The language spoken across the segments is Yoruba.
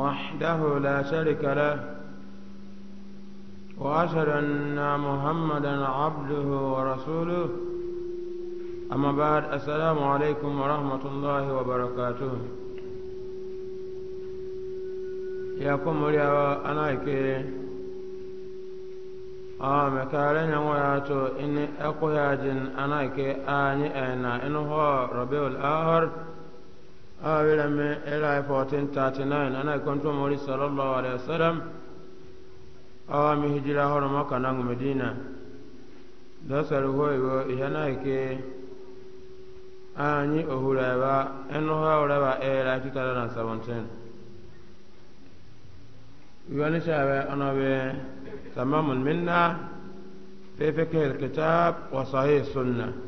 وحده لا شرك له وأشهد أن محمدا عبده ورسوله أما بعد السلام عليكم ورحمة الله وبركاته يا قوم يا أنا كي آه مكارن يا إني أقوى جن أنا كي آني أنا إنه ربيع الآخر awira me era 1439 e ana e kontu mori sallallahu alaihi wasallam awa mi hijira horo maka nangu medina dasar hoyo yana ke anyi ohura ba enu ha ora ba era 2017 yoni shabe ana be tamamun minna fi fikr kitab wa sahih sunnah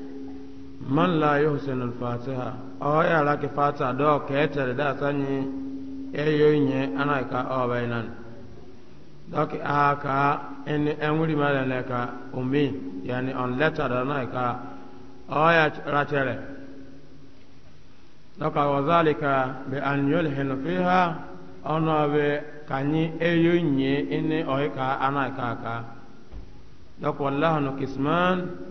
man la yuhsinu al-fatiha o ya la ke fata do ke tere da sanyi e yo nye ana ka o bainan dok a ka en enwuri mala ne ka umi yani on letter da na ka o ya ra tere dok wa zalika bi an yulhinu fiha ono be kanyi e yo nye ene o ka ana ka ka dok wallahu kisman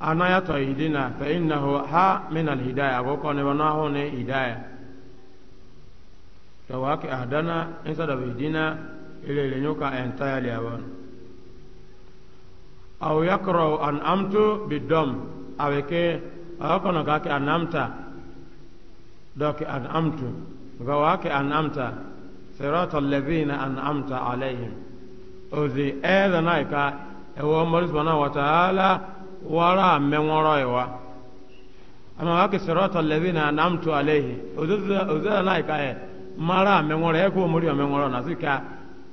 anaya tɔyidina fɛ innahu ha minal hidaya agoko ne bana ho ne hidaya to wake ahdana instead of hidina ilele nyuka entirely abon aw yakrahu an amtu bidom aweke akono kake an amta doke an amtu ga wake an amta sirata alladhina an amta alayhim ozi ɛɛdanaika eh, ɛwɔ mɔri subhanahu wa ta'ala wara mmenwọrọ iwa amma haka sirata na namtu alaihi ozela na ika e mara mmenwọrọ ya e kuwa muri mmenwọrọ na zika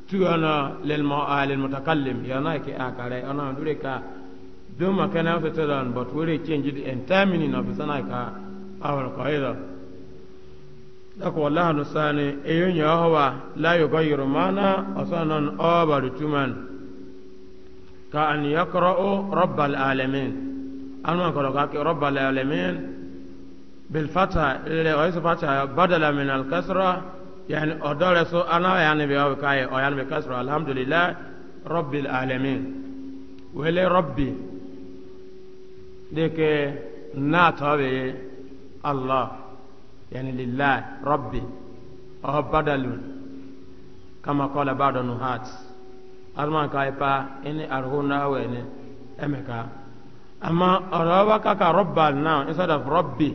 tu ana lil mutakallim ya na ike akare ana dure ka don makana wata tsaron but wuri change the entire meaning ika awal qaida la mana asanan ka an yaqra'u rabbal alamin alma ko ka ke rabbal alamin bil fatha ile o isa fatha badala min al kasra yani odore so ana yani be o kai o yani be kasra alhamdulillah rabbil alamin wele rabbi de ke na allah yani lillah rabbi o badalun kama qala ba'da nuhat arman ka ipa ini arhuna wene emeka amma arawa kaka rọba now instead of rabbi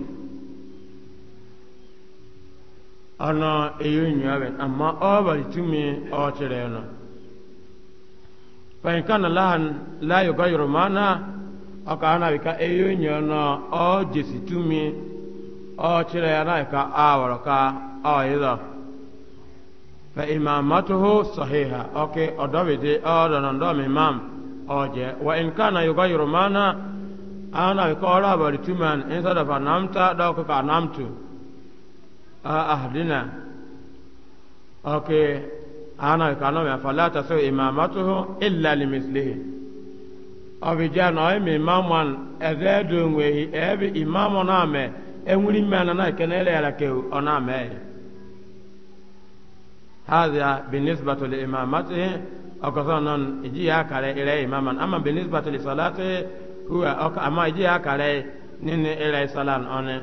ana eyonyu awen amma ọbari tumi ọchịrị ọnụ fahinkana lahan layo gayoro mana ọka ana wika eyonyu ọnụ ọ jesi tumi ọchịrị ya na ka awọrọ ka ọ ịzọ fa imamatuhu sahiha oke odobidi odonodomi imam oje wa in kana yugayiru mana ana ko ora about two man instead of anamta da ko anamtu ahdina oke ana ko anami fala tasu imamatuhu illa limithlihi obijana o mi imamwan ezedu nwehi ebi imamo na me enwuri mmana na kenele ala ke oname هذا بالنسبة لإمامته أقصانا إجيها كالي إليه إماما أما بالنسبة لصلاته هو أما إجيها كالي نين إليه صلاة أني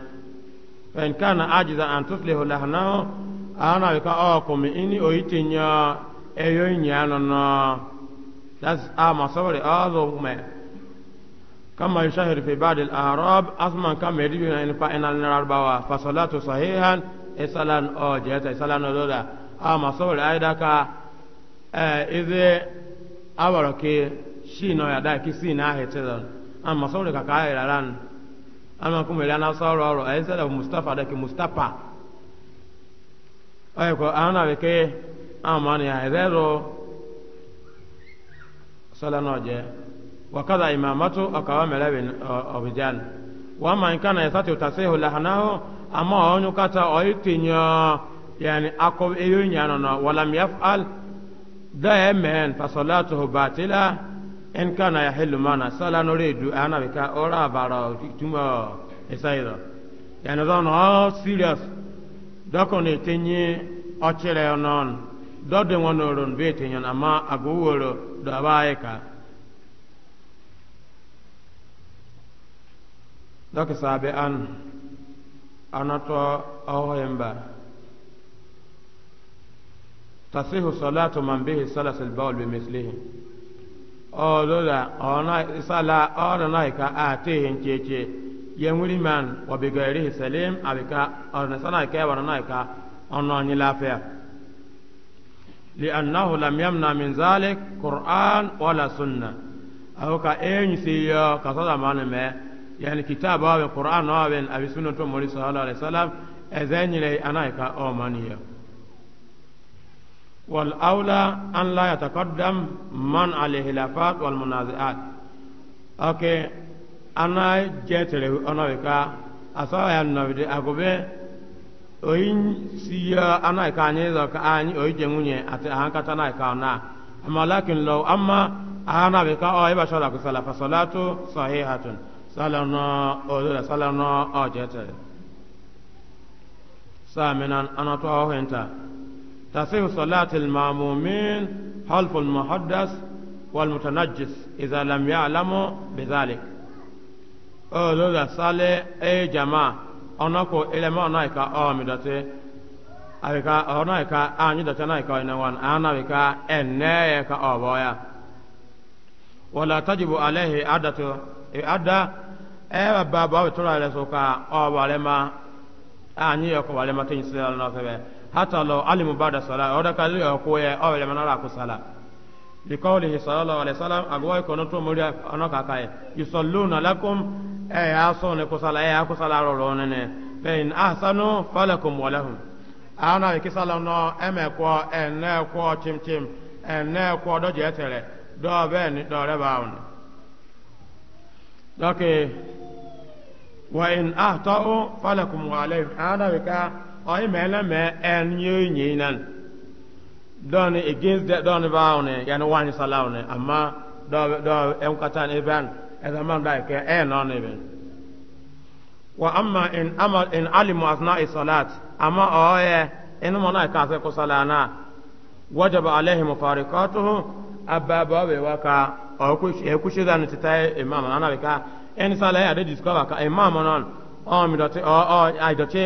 فإن كان عاجزا أن تصلح لهنه أنا بك أوكم إني أيتنيا أيوين يانونا That's أما صوري أظهر كما يشهر في بعض الأعراب أصلا كما يجب أن فإن الأربعة فصلاته صحيحا إسلام أو جهة إسلام أو ama sɔbɔli ayi da ka ɛɛ ize awɔrɔ ke si nɔ ya da ki si na ahi ti lɔ ama sɔbɔli ka ka yɛrɛ la nu ama kumeli ana sɔrɔ ɔrɔ ɛyi sɛ da mustapha da ki mustapha ɔyɛ ko ana bi ke ama ni a ɛzɛ do sɔlɔ nɔ jɛ wakaza imamatu ɔkawa mɛlɛ bi ɔbijan wama nkana yɛ sati o ta se o lahanaho ama ɔnyukata ɔyi ti nyɔɔ. yani akob eyo nyano no walam yaf'al da emen fa salatuhu batila in kana yahillu mana sala no edu ana be ka ora bara tuma esairo yani don o serious doko ne tenye ochire onon dodo wono ron be tenye ama agoworo do abaika doko sabe an anato ohoyemba tasihu salatu man bihi salasul bawl bimithlihi olola ona sala ona naika atihin cheche yemuri man wa bigairihi salim abika ona sana ka wa naika ona ni lafia لأنه لم يمنع من ذلك قرآن ولا سنة أو كأين سيا كصدا ما يعني كتاب أو القرآن أو أبي سنة مولى صلى الله عليه وسلم أذن لي أنا كأمانية والأولى أن لا يتقدم من على الخلافات والمنازعات أوكي أنا جيت له أنا بكا أصلا النبي أقوله oyin siya ana ka anyi da ka anyi oyi jengunye ati an ka tana ka na amma lakin law amma ana be ka o iba shala ku sala fa salatu sahihatun salana o da salana o jete saminan ana to o henta تصيح صلاة المامومين حلف المحدث والمتنجس إذا لم يعلموا بذلك أولو صالة أي جماعة أنكو إلى ما نايكا أمدتي أبيكا أنايكا أنيدتي نايكا إنوان أنا بيكا إنيكا أبويا ولا تجب عليه عدة عدة أي بابا بترى لسوكا أبوالما أنيكا أبوالما تنسي الله سبحانه hata law alimu ba'da salat oda kali ko ya awle manara ku sala li qawlihi sallallahu alaihi wasallam agwa ko no to mori ono ka kai yusalluna lakum e ya so ne ku sala e ya ku sala ro ro ne ne fa in ahsanu falakum wa lahum ana ki sala no eme ko en ne ko chim chim en ne ko do je tere do be ni do re ba un doke wa in ahtau falakum wa alaihim ana ka oyi mɛlɛ me ɛn yɛ nan against dɛ dɔɔni baawu ni yanni wani amma dɔɔ dɔɔ ɛn ka taa ni bɛn man da kɛ ɛn nɔ ni wa amma in ama in alimu asna amma e, ka se ko salana wajaba ababa imam ana ka de discover ka imam mi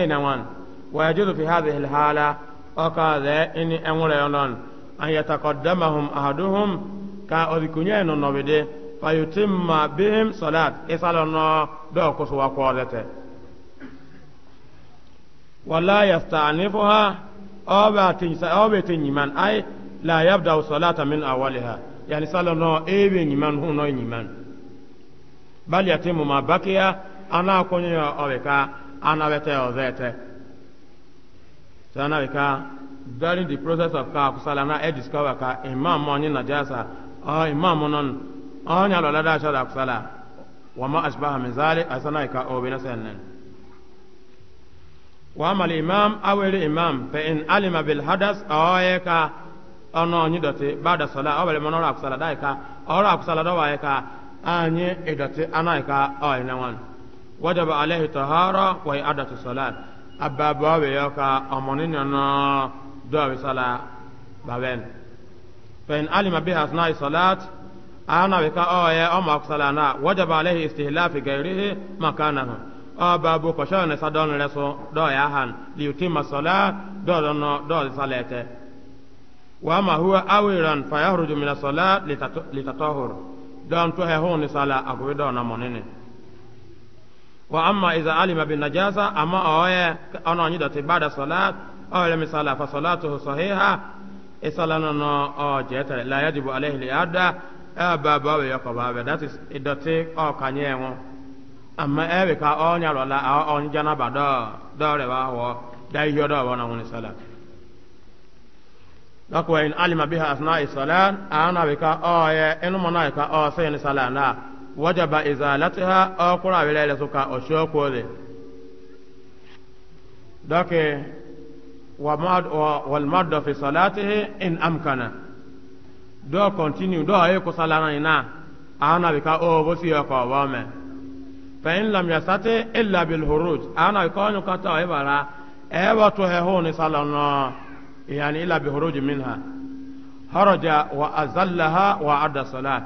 na ويجوز في هذه الحالة أكذا إن أمر يلون أن يتقدمهم أحدهم كأذكنيا نوبدي فيتم بهم صلاة إسالنا دوكس وقوزته ولا يستعنفها أو بيتن يمن أي لا يبدأ صلاة من أولها يعني صلى الله إيه نيمان هو نيمان بل يتم ما بقي أنا كوني أوكا أنا بتأوزته So na ka during the process of ka kusala na e discover ka imam mo ni najasa ah imam non ah nya lo lada sha da kusala wa ma asbaha min zalik asana ka o bina sanan wa amal imam awel imam fa in alima bil hadas awaye ka ono ni dote bada sala awel mo na kusala dai ka ora kusala do waye ka anyi edote anai ka o ina wan wajaba alaihi tahara wa i'adatu salat ababa be yo ka amoni no do be sala baben fen alima biha asna salat ana be ka o ye o ma sala na wajaba alaihi istihlaf gairihi makanahu o babu ko shone sadon reso do ya han li yutima salat do do no do salate wa ma huwa awiran fa yahruju min as-salat litatahhur don to he hon sala agobe do na wa amma iza alima bin najasa amma oye ono anyi dati bada salat oye misala fa salatuhu sahiha isalana no o jeta la yajibu alayhi liada e baba we yakoba be that is idoti o kanye won amma e be ka o nya rola o on jana bado do re wa wo da yo do wona woni salat dakwa in alima biha asna'i salat ana be ka oye enu mona ka o sayin salana وجب إزالتها أو قرى بلالة سكا أشوك وذي ذاك والمرض في صلاته إن أمكن دو continue دو أيكو صلانا إنا أنا بكا أو بسي يكو وامي فإن لم يستطع إلا بالهروج أنا يكون كتا إبرا إبا تهون صلانا يعني إلا بهروج منها هرج وأزلها وعد الصلاة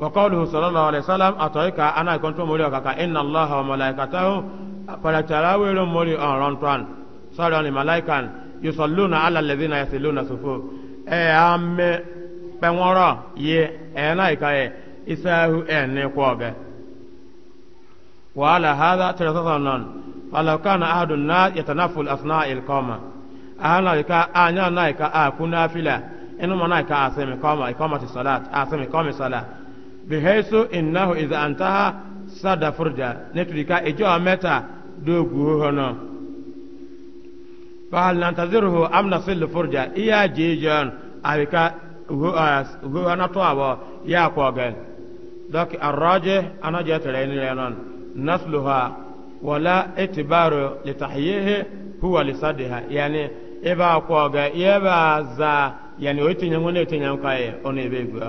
وقوله صلى الله عليه وسلم أتويك أنا كنت مولي وكاكا إن الله وملائكته فلتلاوي مولي أنرانتوان صلى الله ملائكا يصلون على الذين يسلون صفوف أي أم بمورا يه أنا إكاية إساهو أني قوبة وعلى هذا تلتظنن فلو كان أحد الناس يتنفل أثناء القومة أهلا لك أنا نايكا أكون نافلة إنما نايكا أسمي قومة إقامة الصلاة أسمي قومة الصلاة bihaisu innahu iza antaha sada furja nítorí ká ameta mẹ́ta dóògù hono fahal nantaziruhu amna nasillu furja iya jijon abika huhana uh, to abo ya koge dok arraje ana je tere ni lenon nasluha wala itibaru litahyihi huwa lisadiha yani iba koge iba za yani oitinyangu ne oitinyangu kaye ono ibe gwa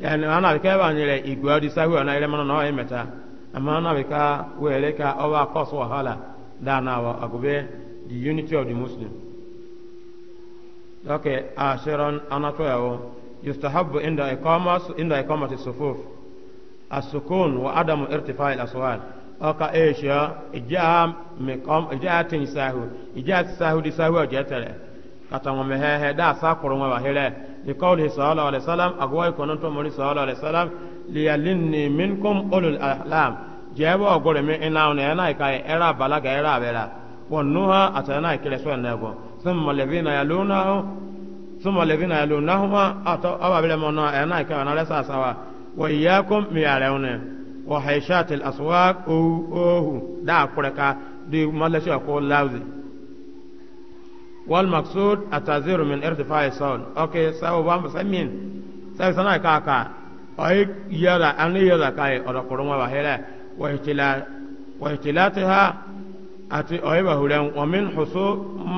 yani ana ka ba nyere igwe odi sahu na ile mana na emeta ama ana ka wele ka owa cause wahala da na wa agube the unity of the muslim okay ashiran uh, anato yawo yustahabbu inda iqamas inda iqamati sufuf as-sukun wa adamu irtifa' al-aswat ọka asia ijaa mekom ijaa tin sahu ijaa sahu di sahu ọjẹtẹrẹ katamọ mẹhẹhẹ daa sa kọrọ wọn wa hẹrẹ لقوله صلى الله عليه وسلم أقوى كنت مولي صلى الله عليه وسلم ليلني منكم أولو الأحلام جيبو أقول من إنا ونينا إكاي إرا بلاغ إرا بلا ونوها أتنا إكلا سوى نيبو ثم الذين يلونه ثم الذين يلونهما أتوا أبا بلا منا إنا إكاي ونالسا سوا وإياكم ميالون وحيشات الأسواق أوه أوه دا أقولك دي مالسي أقول لاوزي والمقصود التعذير من ارتفاع الصوت اوكي سو بام سمين سو سنا كاكا اي يلا ان يلا كاي اور قرما بهلا واحتلال واحتلالها ati oiba hulen min husu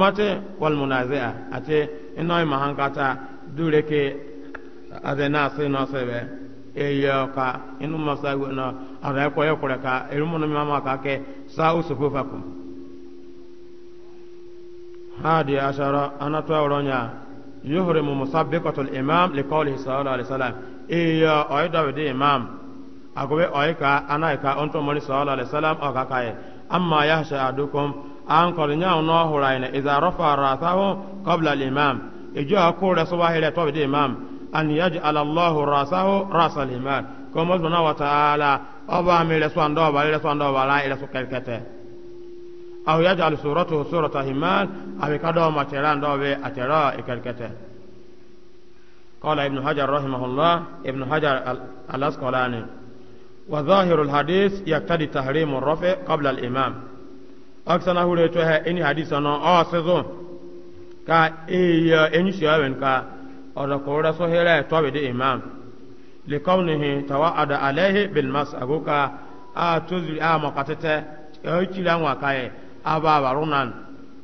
mate wal munazi'a ati ina ma hankata dure adena se no sebe e yo inu masagu no ara ko yo irumu no mama ka ke hadi ashara ana to awronya yuhrimu musabbiqatul imam liqawlihi sallallahu alaihi wasallam iya oyda wede imam agobe oyka anaika onto moni sallallahu alaihi wasallam o kakaye amma yahsha adukum an kornya no huraina idza rafa rasahu qabla al imam ijo akure so to wede imam an yaj'al Allahu rasahu rasal imam komo subhanahu wa ta'ala oba mi le so ba le so ba la ile so kelkete أو يجعل سورته سورة همال أو كدو ما تران دو بي أترا إكالكته قال ابن حجر رحمه الله ابن حجر الأسقلاني وظاهر الحديث يقتضي تحريم الرفع قبل الإمام أكسنا هو لتوها إني حديثنا أسزو ka iya enyi shiyawen ka ọdọkọrọ sọhẹrẹ tọbi di imam likọnihi tawa ada alaihi bilmas agoka a tozuri a makatete ya yi kiri anwa aba barunan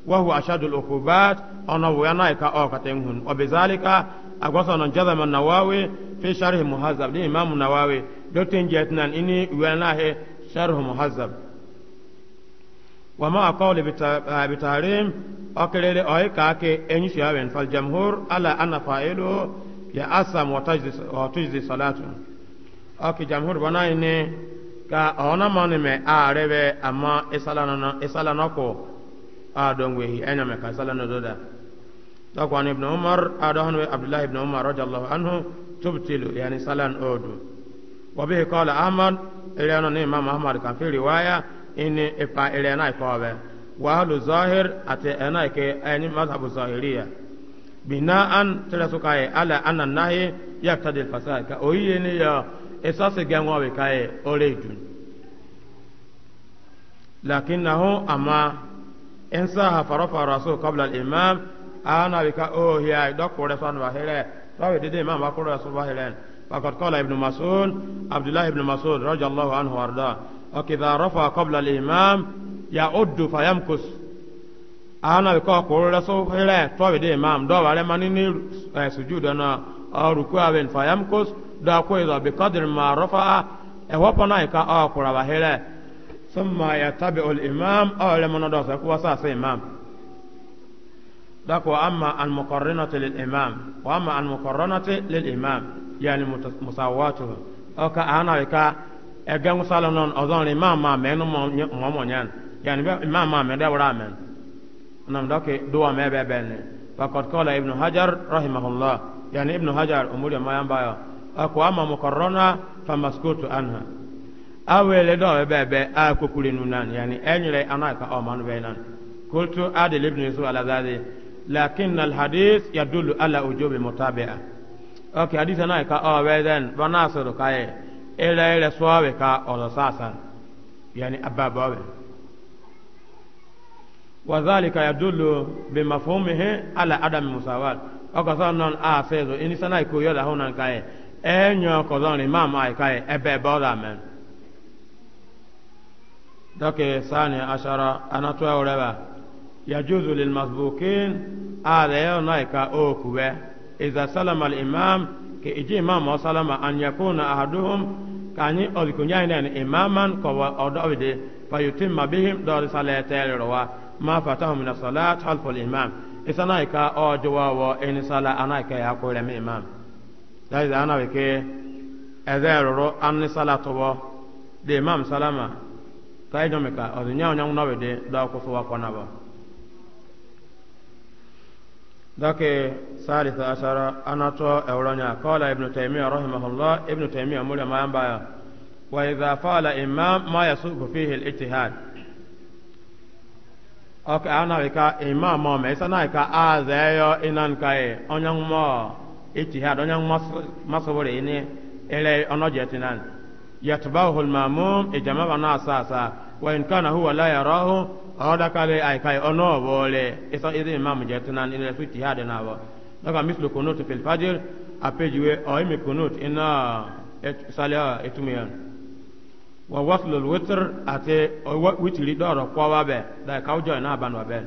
وهو أشد العقوبات أنه ينايك أو كتمهن وبذلك أقصنا جذم النواوي في شرح مهذب لإمام النواوي دوتين جيتنا إني ويناه شرح مهذب وما قول بتحريم أكلل أي كاكي إن شاوين فالجمهور على أن فاعله يأسم وتجزي صلاته أكي جمهور بنايني ka ona mani me arebe ama isalana na isalana ko adongwe enya me ka isalana doda dakwan ibn umar adahun we abdullah ibn umar radiyallahu anhu tubtilu yani salan odu wa bihi qala ahmad ilana ni imam ahmad kan fi riwaya in ifa ilana ikobe wa ahlu zahir ate ena ke eni mazhabu zahiriya bina'an tirasuka ala anna nahi yaqtadi al-fasad ka oyini ya esase gɛŋɔ bi ka ye ore dun lakinnahu ama in saha farafara so qabla al-imam ana bi ka o oh, hiya do kore so ba hele dede imam ba kore so ba hele faqad qala ibn mas'ud abdullah ibn mas'ud radiyallahu anhu warda akidha rafa qabla al-imam ya'uddu fayamkus ana bi ka de imam da ko izo bi qadri ma rafa'a e wa pana ka a kura ba hele thumma yatabi'u al imam aw lam nadu sa ko sa sa imam da ko amma al muqarrinati lil imam wa amma al muqarrinati lil imam yani musawatuhu o ka ana ka e gan sala non ozon imam ma menu mo mo nyan yani imam ma me da wara men nam da ke duwa me be be ne faqad qala ibn hajar rahimahullah yani ibn hajar umuri ma yan bayo ako ama mukarrona fa maskutu anha awele do bebe a kokule nunan yani enyre anaka o manu bainan kultu adil ibn yusuf ala zadi lakin al hadith yadullu ala ujubi mutabi'a okay hadith anaka o bainan bana suru kai ila ila swawe ka o sasa yani ababawe وذلك يدل بمفهومه على عدم المساواة أكثر من آسيزو إن سنة يكون يدهون كاي enyo kodoni mama ikai ebe boda men doke sani ashara anatwa ureba yajuzu lilmasbukin ala yao naika okuwe iza salama alimam ke iji imam wa salama na yakuna ahaduhum kani odikunyainan imaman kowa odowide fayutimma bihim dori saletelirwa ma fatahu min asalat halfu alimam isanaika ojowawo eni sala anaika yakuremi imam that is ana weke eze ruru anni salatu bo imam salama ta ijo meka ọdun nyawo nyawo na wede da akwụsọ wa kwana ba dake salisa ashara anato euronya kola ibnu taimiyya rahimahullah ibnu taimiyya mulya mayan baya wa idha fala imam ma yasubu fihi al-ijtihad ok ana weka imam ma me sana ka azayo inan kai اتهاد أن مصبر إني إلى أنجتنا يتبعه الماموم إجمع الناس أساسا وإن كان هو لا يراه هذا كالي أي كاي أنو بولي إذا إذا إمام جتنا إلى اتهاد نابا لكن مثل كنوت في الفجر أبجوي أو إم كنوت إن سالي إتميان ووصل الوتر أتي وتر دور قوابه لا كوجو نابان وبين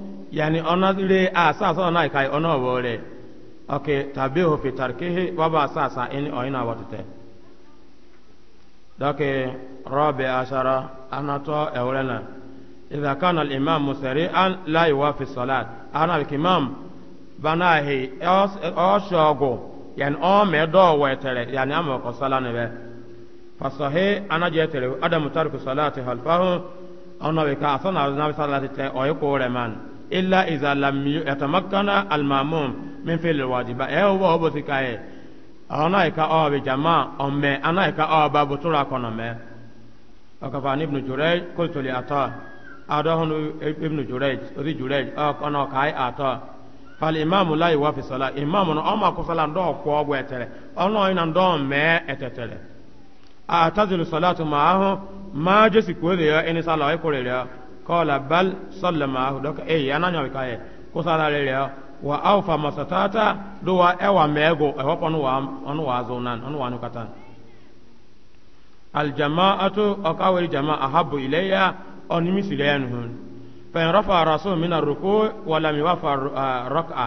yani ona le asasa ona kai ona wore okay tabihu fi tarkihi wa ba asasa in oina watete dake rabi ashara anato ewrena idha kana al-imam musari'an la yuwafi salat ana bi imam banahi oshogo yani o medo wetere yani amako salani be fasahi ana jetere adamu tarku salati halfahu ona bi ka asana na salati te oyiko reman illa iza lam yatamakkana al mamum min fil wajiba e wo bo ti kai ana ka o be jama o me ana ka o ba bo tura kono me o ka fa ibn jurayj qultu li ata adahun ibn jurayj ri jurayj o kono kai ata fal imam la yuwa fi sala imam no o ma ko sala ndo ko ogwe tere ono ina ndo me etetere atazilu salatu ma'ahu ma jesi ko le yo eni sala o ko le yo kọ́ọ̀lá bal sọ́lẹ̀ máa hù dọ́kà èyí anáyọ̀ ìka yẹ kó sára rẹ̀ rẹ̀ wà á fà mọ̀sátátá ló wà ẹwà mẹ́ẹ̀gò ẹ̀wọ́pọ̀ ọ̀nù náà ọ̀nù aljama ato ọkà jama ahabu ilẹ̀yà ọ̀nìmísì lẹ́yà nù hùn. fẹ̀yìn rọ́fà rasu mina rukú wàlà mi wà fà rọ́kà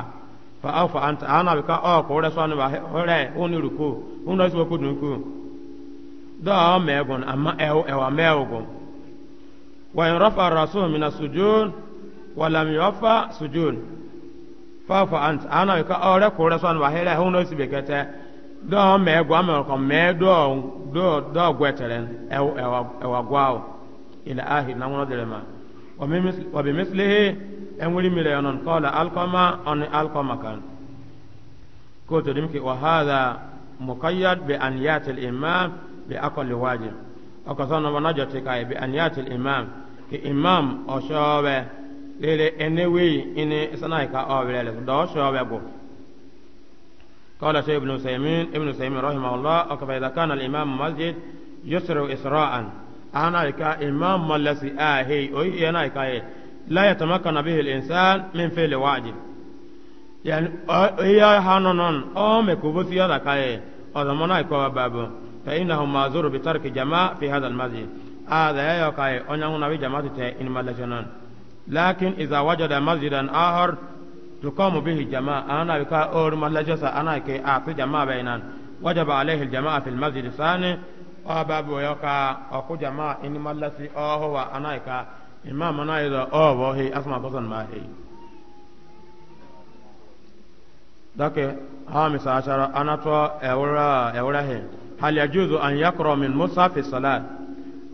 fà á fà àǹtà àná bìkà ọ̀ kó rẹ̀ sọ́nù wà rẹ̀ ó ní rukú ó ní rẹ̀ dọ́ọ̀ mẹ́ẹ̀gùn àmà ẹ̀wà mẹ́ẹ̀gùn. وإن رفع رأسه من السجون ولم يرفع سجون فاف أنت أنا يكا أولا كورا سوان وحيلا هون نوسي بكتا دو مي غوا مي كو مي دو دو دو غوترن او او او غواو الى اخر نمون دلما وبمثله امولي مليون قال القما ان القما كان كوتو دمكي وهذا مقيد بانيات الامام باقل واجب وكثرنا ونجتك بانيات الامام ki imam oshobe lele enewi ini sanaika obelele do oshobe go قال شيخ ابن سيمين ابن سيمين رحمه الله فإذا كان الإمام مسجد يسر إسراء أنا كا إمام ملسي آهي أي أنا كا لا يتمكن به الإنسان من فعل واجب يعني إيا هانون أو مكوبوسي هذا كا أو زمان كا بابو فإنه معذور بترك جماع في هذا المسجد هذا آه يقاي أنه نبي جماعة تي إن ما لجنان لكن إذا وجد مسجدا آخر تقام به جماعة أنا بكا أول ملجسة أنا كي أعطي جماعة بينان وجب عليه الجماعة في المسجد الثاني وباب يقا أقو جماعة إن ما لسي أو هو أنا كا إمام أنا إذا أو هو هي أسمع بصن ما هي ذاك هامس عشر أنا تو أورا أورا هي هل يجوز أن يقرأ من مصحف الصلاة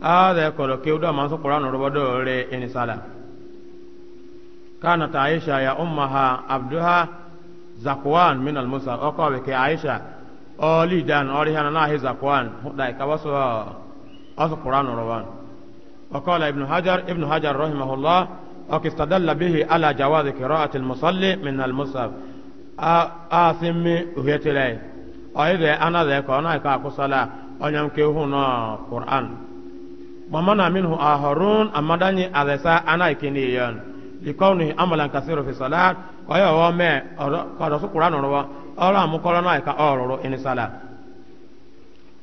هذا يقول كل كيودا ما القرآن ربنا إن سالا كانت عائشة يا أمها عبدها زكوان من الموسى أقوى بك عائشة أولي دان أولي هنا ناهي زكوان دايك وصوها أصو القرآن ربنا وقال ابن حجر ابن حجر رحمه الله أو استدل به على جواز كراءة المصلي من المصحف آثم هيتلي أو إذا أنا ذاك أنا كاكو صلاة أنيم كيهونا قرآن ومنع منه آخرون أما داني أذسا أنا كنيان لكونه عملا كثيرا في الصلاة ويا هو ما قرأت القرآن روا أرى مقرنا إكا أورو إن الصلاة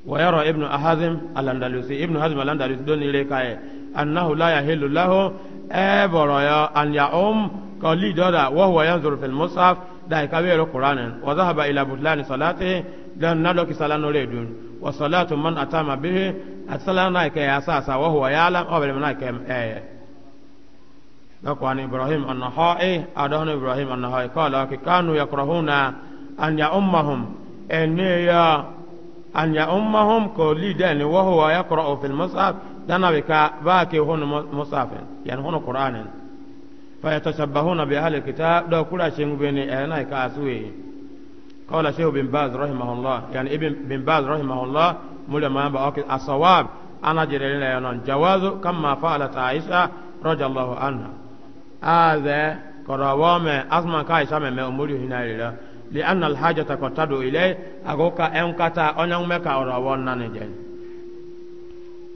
ويرى ابن أحزم الأندلسي ابن حزم الأندلسي دون إليك أنه لا يحل له أبرا أن يعوم كولي دودا وهو ينظر في المصحف دا يكبر القرآن وذهب إلى بطلان صلاته لأن نلوك صلاة نريدون وصلاة من أتام به أتسلمناك يا ساسا وهو يعلم قبل منك آية ذكر إبراهيم النحائي أدهن إبراهيم النحائي قال كانوا يكرهون أن يأمهم أن يا أن يأمهم كل دين وهو يقرأ في المصحف دنا بك باكي هون مصحف يعني هون قرآن فيتشبهون بأهل الكتاب دو كل شيء بين أهلنا قال شيخ بن باز رحمه الله يعني ابن بن باز رحمه الله mule mamba oke asawab ana jirele yonon jawazu kama fa'alat aisha radiyallahu anha aze korawome asma ka aisha me umuri hinalila li anna alhajata qatadu ilay agoka enkata onyan meka orawon nanije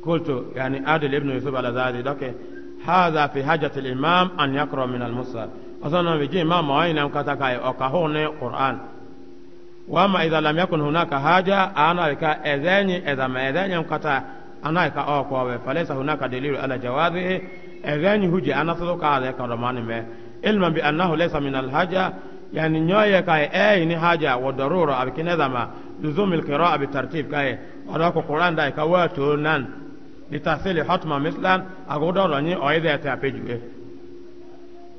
قلت يعني عادل ابن يوسف على ذلك دوكي هذا في حاجة الإمام أن يقرأ من المصحف أصلا بيجي إمام وين أنكتا كاي kai okahone qur'an wama idha lam yakun hunaka haja ana ka edhenyi ma edhenyi mkata ana ka o kwa we falesa hunaka dalilu ala jawazihi edhenyi huji ana sadu ka ala ka romani me ilma bi annahu laysa min al haja yani nyoye ka e ni haja wa darura abikine dhama luzum al qira'a bi tartib ka e ala ko qur'an dai ka watu nan litasili hatma mithlan agoda ranyi o idha ta pejue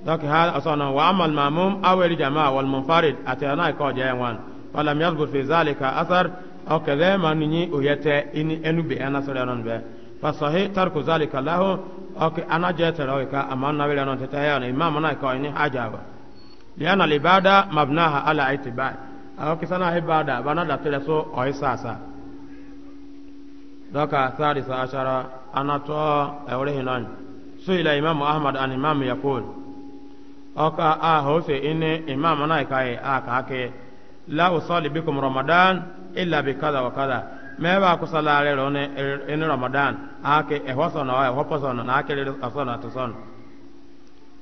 dak hal asana wa amal mamum awel jamaa wal munfarid atana ka jayan wan ولم يثبت في ذلك أثر أو كذلك نني أويتا إن أنو بأنا سرنا به فصحيح ترك ذلك له أو أنا جئت لك أما أنا بلا نتتهيا الإمام أنا كأني حاجة لأن العبادة مبناها على اعتبار أو كسنا عبادة بنا دتلسو أو إساسا دوكا ثالث عشر أنا تو أوليه نان سئل إمام أحمد عن إمام يقول أو كأهوسي إن إمام أنا كأي أكاكي la usali bikum ramadan illa bi kaza wa kaza me ba ku salare ro ne in ramadan ake e hoso e na e hoso na na ake le aso na to son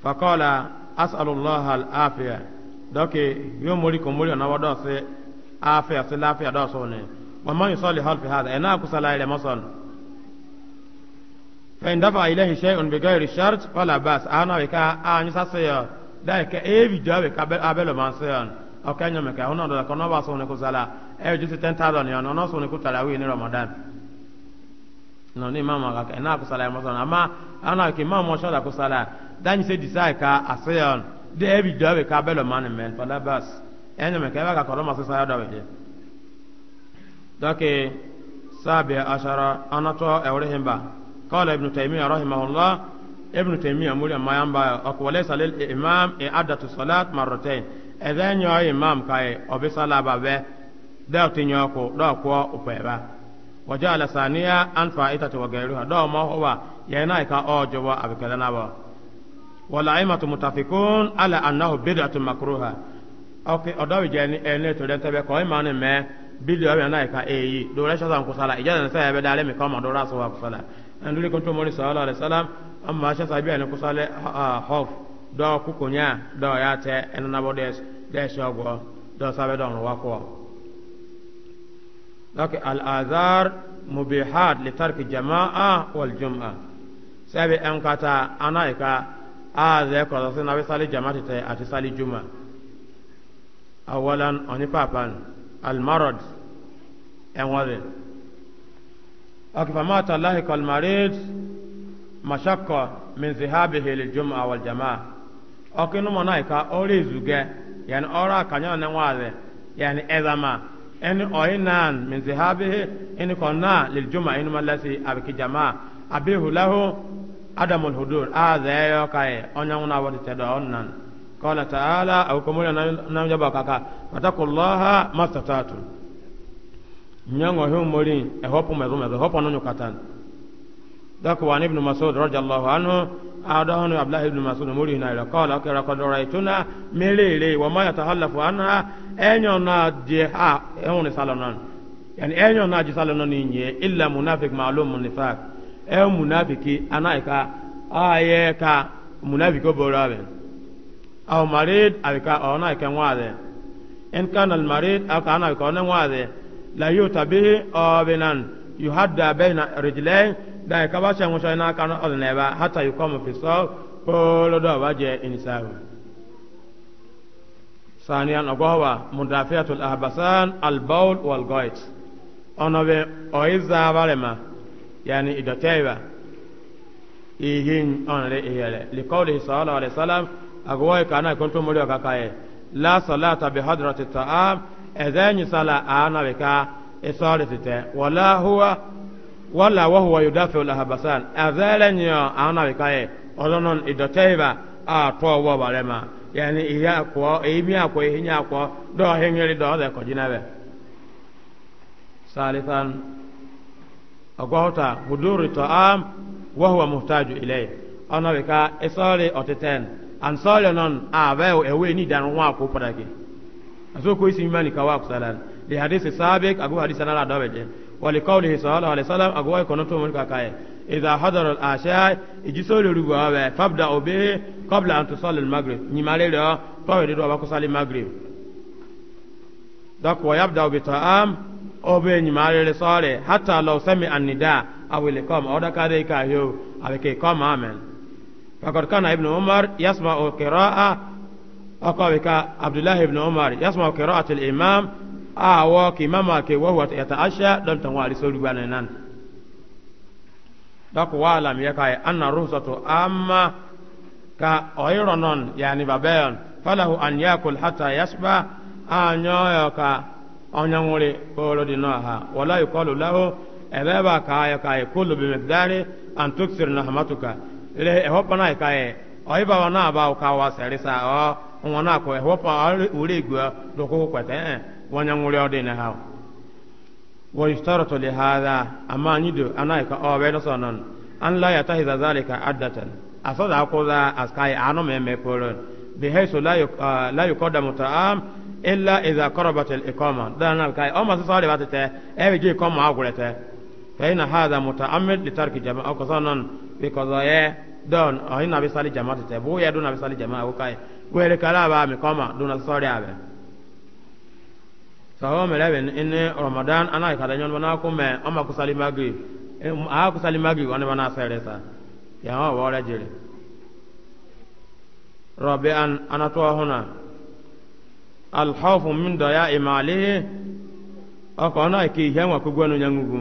fa qala as'alu allah al afiya doke yo mori ko mori na wado se afiya se lafiya do so ne wa man yusali hal fi hada ina e ku salare mason fa in dafa ilahi shay'un bi ghairi shart fala bas ana ka an sasaya da ka e bi jabe ka abelo man sayan okenya meka hono ndo kono baso ne kusala e jusi ten thousand ya no so ne kutala wi ni ramadan no ni mama ga ka na kusala ya mazana ama ana ke mama mo shala kusala dan se disai ka asayon de ebi dawe ka belo man men pala bas enya meka ba ka kono masasa ya dawe je dake sabi ashara anato ewrehimba qala ibn taymiyyah rahimahullah ابن تيمية مولى ما ينبع أقوال ليس للإمام إعادة الصلاة ede nyo imam kai obisala babe da tinyo ko do ko upeba wajala saniya an fa'itati wa gairuha do ma huwa yana ka ojobo abikala na ba wala aimatu mutafikun ala annahu bid'atu makruha okay odawi jeni ene to den tebe ko imani me bidio yana ka eyi do re shasa ko sala ijana sa be dale mi kama do rasu wa sala andule ko to mori sallallahu alaihi wasallam amma shasa bi ene ko sale hof dɔɔ kukunya dɔɔ yaa tɛ ɛnɛ nabɔ dɛɛ sɔgɔ dɔɔ sabɛ dɔɔ nu wakɔ donc al azar mubihat jamaa wal jum'a sɛbi ɛn ka taa ana yi ka e kɔlɔsi na bi sali jama ti tɛ a ti sali juma awalan ɔni papan al marad ɛn wɔri ok fama talahi kal marid mashakka min zihabihi lil jum'a wal jama'a ọkinu mọ náà ka ọrọ ezugẹ yẹn ọrọ akanyọ ne ya yẹn ẹzama ẹni ọyin nan mẹnsi ha bihi ẹni kọ náà lilijuma ẹni ma lẹsi abiki jama abihulahu adamu hudur a zẹẹ yọ ka yẹ ọnyanwó náà wọ́n ti tẹ̀ dọ̀ ọ́n nan kọ́lá tààlà àwòkọ́mọ́lẹ́ náà yọba kàkà pàtàkùlọ́ha mọ́sítàtù nyẹ́ngọ̀ hí mọ́rí ẹ̀họ́pọ̀ mẹ́zọ́mẹ́zọ́ ẹ̀họ́pọ̀ nínú kàtàn dọ́kùwà níbi masud rọ́jà lọ́hùn adọ́nu abdullahi ibn masud mori na ila kọ́ọ̀lá kẹrẹ kọ́dọ̀rọ̀ ìtúná mẹ́rẹ̀ẹ̀rẹ̀ wọ́n máa yàtọ̀ hàlàfù àná ẹ̀yàn náà jẹ́ ha ẹ̀hún ní sálọ̀ náà yàní ẹ̀yàn náà jẹ́ sálọ̀ náà ní yẹ ilà munafik màálù munifak ẹ̀ munafiki anáìka ayẹ́ka munafik ó bọ̀rọ̀ abẹ. àwọn marid àbíká ọ̀nà ìkẹ́ wọn àdẹ ẹnkan almarid àbíká ọ̀nà ìkẹ́ wọn àdẹ dai ka ba shan wusha na kan ol ne ba hata yu komu fi so polo do ba je insawi saniyan ogowa mudafiatul ahbasan al bawl wal goit ono be oiza barema yani idoteba ihin onre ihele liqawlihi sallallahu alaihi wasallam agowai kana kuntum mulio kakaye la salata bi hadrati ta'am edhenyi sala ana beka isolitite e wala huwa wala wahuwa yudafiu lahabasan azɛlɛ nyɛ ana bi kaye ɔlɔnɔn idɔtɛyiba a tɔ wɔ balɛma yani iya kɔ eyi a kɔ eyi nya kɔ dɔɔ hɛŋɛri dɔɔ zɛ kɔjina bɛ salisan ɔgɔta huduri tɔam wahuwa muhtaju ilayi ana bi ka isɔri ɔtitɛn ansɔri nɔn a bɛ ewe ni dan wa ko padaki aso ko isi mimani ka wa hadisi sabik agu hadisi nala dɔ bɛ ولقوله صلى الله عليه وسلم أقوى كنتم من كاكاي إذا حضر العشاء إجسول ربوا فابدا به قبل أن تصلي المغرب ني نمالي له فويد ربوا كصلي المغرب ذاك ويبدأ بطعام أو بين مالي لصالي حتى لو سمع النداء أو لقام أو ذاك ذيك يو أبكي قام آمن فقد كان ابن عمر يسمع القراءة أقوى عبد الله بن عمر يسمع قراءة الإمام A ah, awo ki mama ke wa eh, wa ta asha don tan wa riso ruwa nan nan dako wa ya kai anna ruhsatu ama ka oyronon yani ah, ka onyanwure olo di no ha wala ka an tuksir nahmatuka ile ehopana eh, kai oiba ka wa serisa o oh, wona ko ehopa eh, wanyangulio dina hao wa yushtaratu li hadha amma nyido anaika o be no sonon an la yatahiza zalika addatan asada koza askai ano meme polo bi haythu la yuk, uh, la yuqaddamu ta'am illa idha qarabat al iqama dana kai o ma sare batete e je ko ma agurete fa ina hadha muta'ammid li tarki jama'a ko sonon bi qadaye don o ina bi sali jama'a te bo ya don na bi sali jama'a ko kai wele kala ba mi koma don sare abe sababu meleven ene ramadan ana ikada nyon bana ko me ama kusali magri e, a kusali magri wana bana seresa ya wa wala jere rabi an ana to hona al khawf min daya imalihi aka ana ki hema ko gwanu nyangugu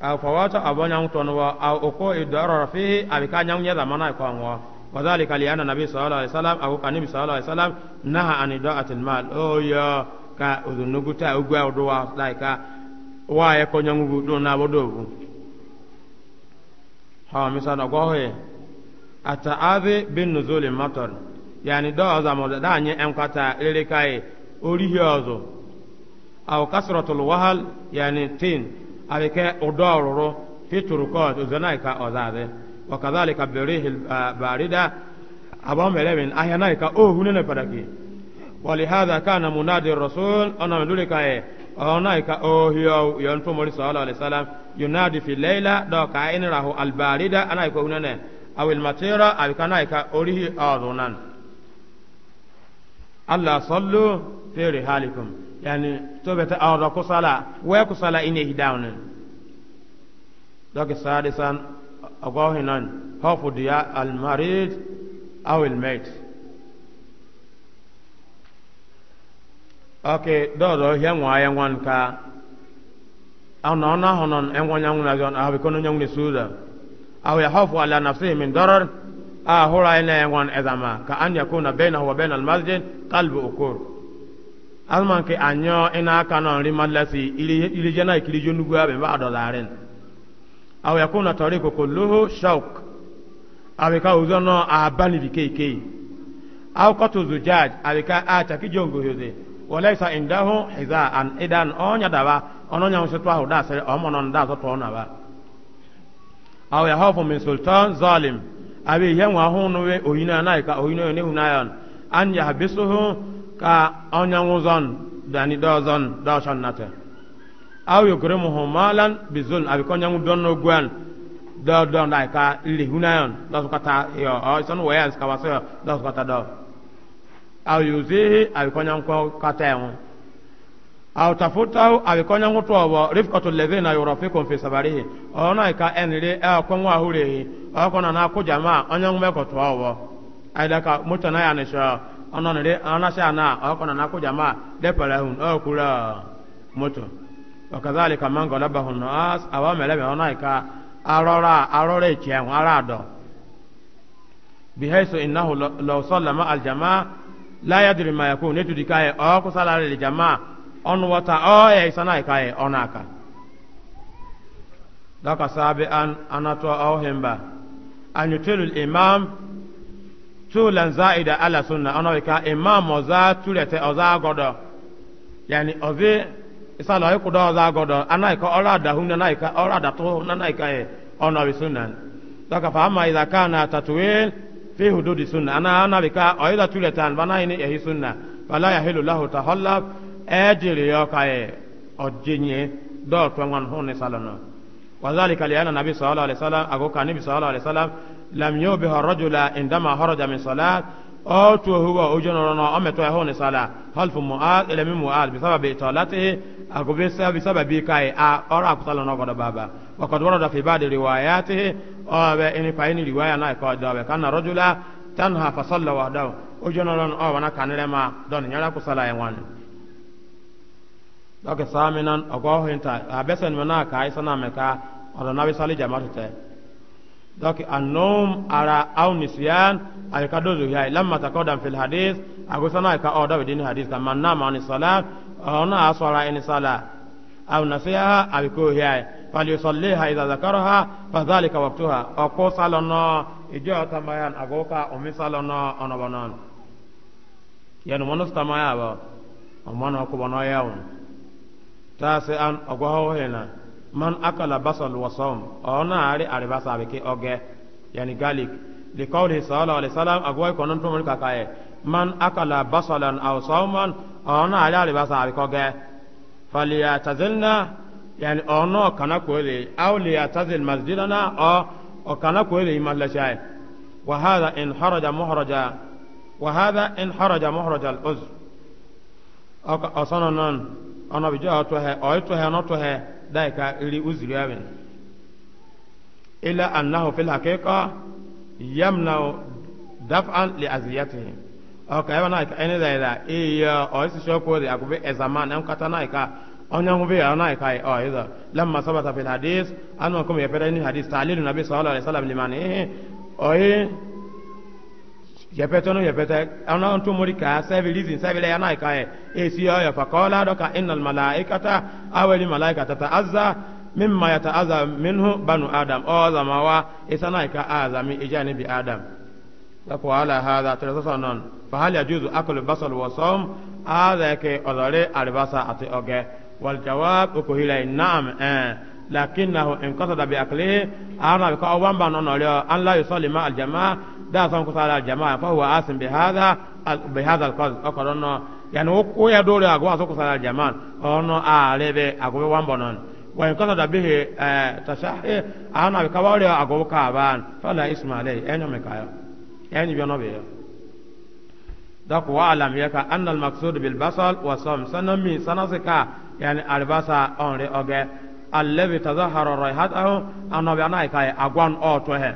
a fawata abanya mtono wa au uko idara rafihi abika nyangu oh, ya zamana ko ngwa وذلك لأن النبي صلى الله عليه وسلم أو النبي صلى الله عليه وسلم نهى عن إضاءة المال أو oh, yeah ka ozonogu ta ogu awudu wa lai ka wa ya ko nyangu do na bodo bu ha mi sa na go he ata ave bin nuzul matar yani do azamo da anye en kata rere kai ori hi ozo aw kasratul wahal yani tin alike odo roro fi turukot ozonai ka ozaze wa kadhalika birihil barida abamere bin ahyanai ka ohunene padaki ولهذا كان منادي الرسول أنا مدولك إيه هناك أوهيو ينفو مولي صلى الله عليه وسلم ينادي في الليلة دوك عين راهو الباردة أنا ايكا هنا أو المطيرة أو كان ايكا اوليه آذونان الله صلو في رحالكم يعني توبة أوضاكو صلاة ويكو صلاة إنيه داون دوك سادسا أقوهنان خوف ديا المريض أو الميت oke dọdọ hia nwa ya nwan ka ana ọna ahụ nọ enwe onye nwụrụ azọ ahụ bikọ onye nwụrụ suza ahụ ya hofu ala na nafsi min dọrọr ahụrụ anyị na enwe ezama ka anyị yakụ na bena wa bena almasjid kalbu ukur azuma nke anyọ ina aka nọ nri mmadụ madlasi ilije na ikiri jonugwu abịa mba adọlarin ahụ yakụ na tọrị koko luhu shauk abika ụzọ nọ abani bikekei ahụ kọtụ zujaj abika acha kijongo hiozi وليس عنده حذاء إذن أون يدبا أون يمشطوه داس أمون داس طونبا أو يخاف من سلطان ظالم أبي يموا هون وينا نايكا وينا ينهنا أن يحبسه ka onyanwu zon dani do zon do shon nata aw yukrimuhu malan bizul abi konyanwu don no gwan do do ka lihunayon do sukata yo o son wayas ka waso au yuzihi abikonya nko katengu au tafutahu abikonya ngutu obo rifqatu alladhina yurafikum fi safarihi ona ka enire e ko nwa hurehi akona na ku jamaa onye ngume ko to obo aidaka mutana ya ne sha ona ne ona sha na akona na ku jamaa de palahun okura moto wakadhalika man galabahu nas awameleme ona ka arora arora echi enwa ara ado bihaisu innahu law sallama aljamaa la yadiri ma yakun ne tudi kaye o oh, ku salare li jamaa on wata o oh, e sana kaye onaka daka sabi an anato o hemba an yutulul imam tulan zaida ala sunna ona ka imam o za tulete o za godo yani o ze isala ku do za godo ana ka ora da hunna na ka ora da to na na ka e ona bi sunna daka fa ma idha kana tatwil fi hududi sunna ana ana bika oida tuletan bana ini ehi sunna fala yahilu lahu tahallab ajiri yokae ojinye do twangan hone salano wadhalika liana nabi sallallahu alaihi wasallam agoka nabi sallallahu alaihi wasallam lam yubiha rajula indama haraja min salat otu ohuwa ojo nọrọ na ọmetọ ahụ ni sala halfu mu'ad ilmi mu'ad bi sababi talatihi agobe sabi sababi kai a ọrụ akusala na baba wakọdọ wọrọ dafi ba da riwayatihi ọbẹ ini ini riwaya na ikọ fasalla wa dọ nọrọ na ọwana ma dọni ya saminan ọgọ abẹsẹ na ọdọ na donc annum ara aw nisyan ay ka dozo yayi lamma takodan fil hadith ago sana ka o dawe din hadith ka man nama ni salat ona asara ni sala aw nasiha ay ko yayi fal yusalliha idha zakaraha fa dhalika waqtuha o ko salono ijo tamayan ago ka o mi salono ono bonon yanu monos tamaya ba o mono ko bono yawon tase an hena man akala basal wa sawm ona ari aribasa be ke oge yani garlic li qawli sallallahu alaihi wasallam agwa ko non tumon ka kae man akala basalan aw sawman ona ari aribasa be ko ge falyatazilna yani ono kana ko le aw liyatazil masjidana o o kana ko le imalla shay wa hadha in haraja muhraja wa hadha in haraja muhraja al uzr o sanana ona bijo to he o to he no to he daika iri uzuri abin ila annahu fil yamna daf'an li aziyatihi okay wana ka ene da ila e o isi shoko de akube ezaman an kata na ka onya ngube ana ka o oh, ida lamma sabata fil hadith an wa kum ya fara ni hadith ta'lilu nabi sallallahu alaihi wasallam liman eh o yɛpɛtɔ no yɛpɛtɔ ana to mori ka sɛbi rizin sɛbi lɛ yana ka yɛ e. esi yɔ yɛfa kɔɔla dɔ ka inal malaikata awali malaikata ta azza min ma yata azza minhu banu adam ɔ zama wa isa na ka azami ijani bi adam lako ala hada tere sasa non fa hal yajuzu akulu basal wa som aza ke ɔlɔre alibasa ati ɔgɛ wal jawab uku hilai na'am ɛn eh lakinnahu in qasada bi aqlihi ana ko awamba non ori an la yusalli ma al jamaa da san ko sala al jamaa fa huwa asim bi hadha bi hadha al qasd akorono yani ko ya dole agwa so ko al jamaa ono a lebe agwa wamba non wa in qasada bihi tasahhi ana ko wali agwa ka ban fala isma alai enyo me kayo enyo bi no be dak wa alam yaka anna al maqsud bil basal wa sam sanami sanasika yani albasa onre oge okay alẹ́bi tàzá harọ̀ rẹ̀ hàt ahọ́ anọ̀bẹ̀ anáyè káyẹ agwọ́n ọ̀tọ̀ hẹ̀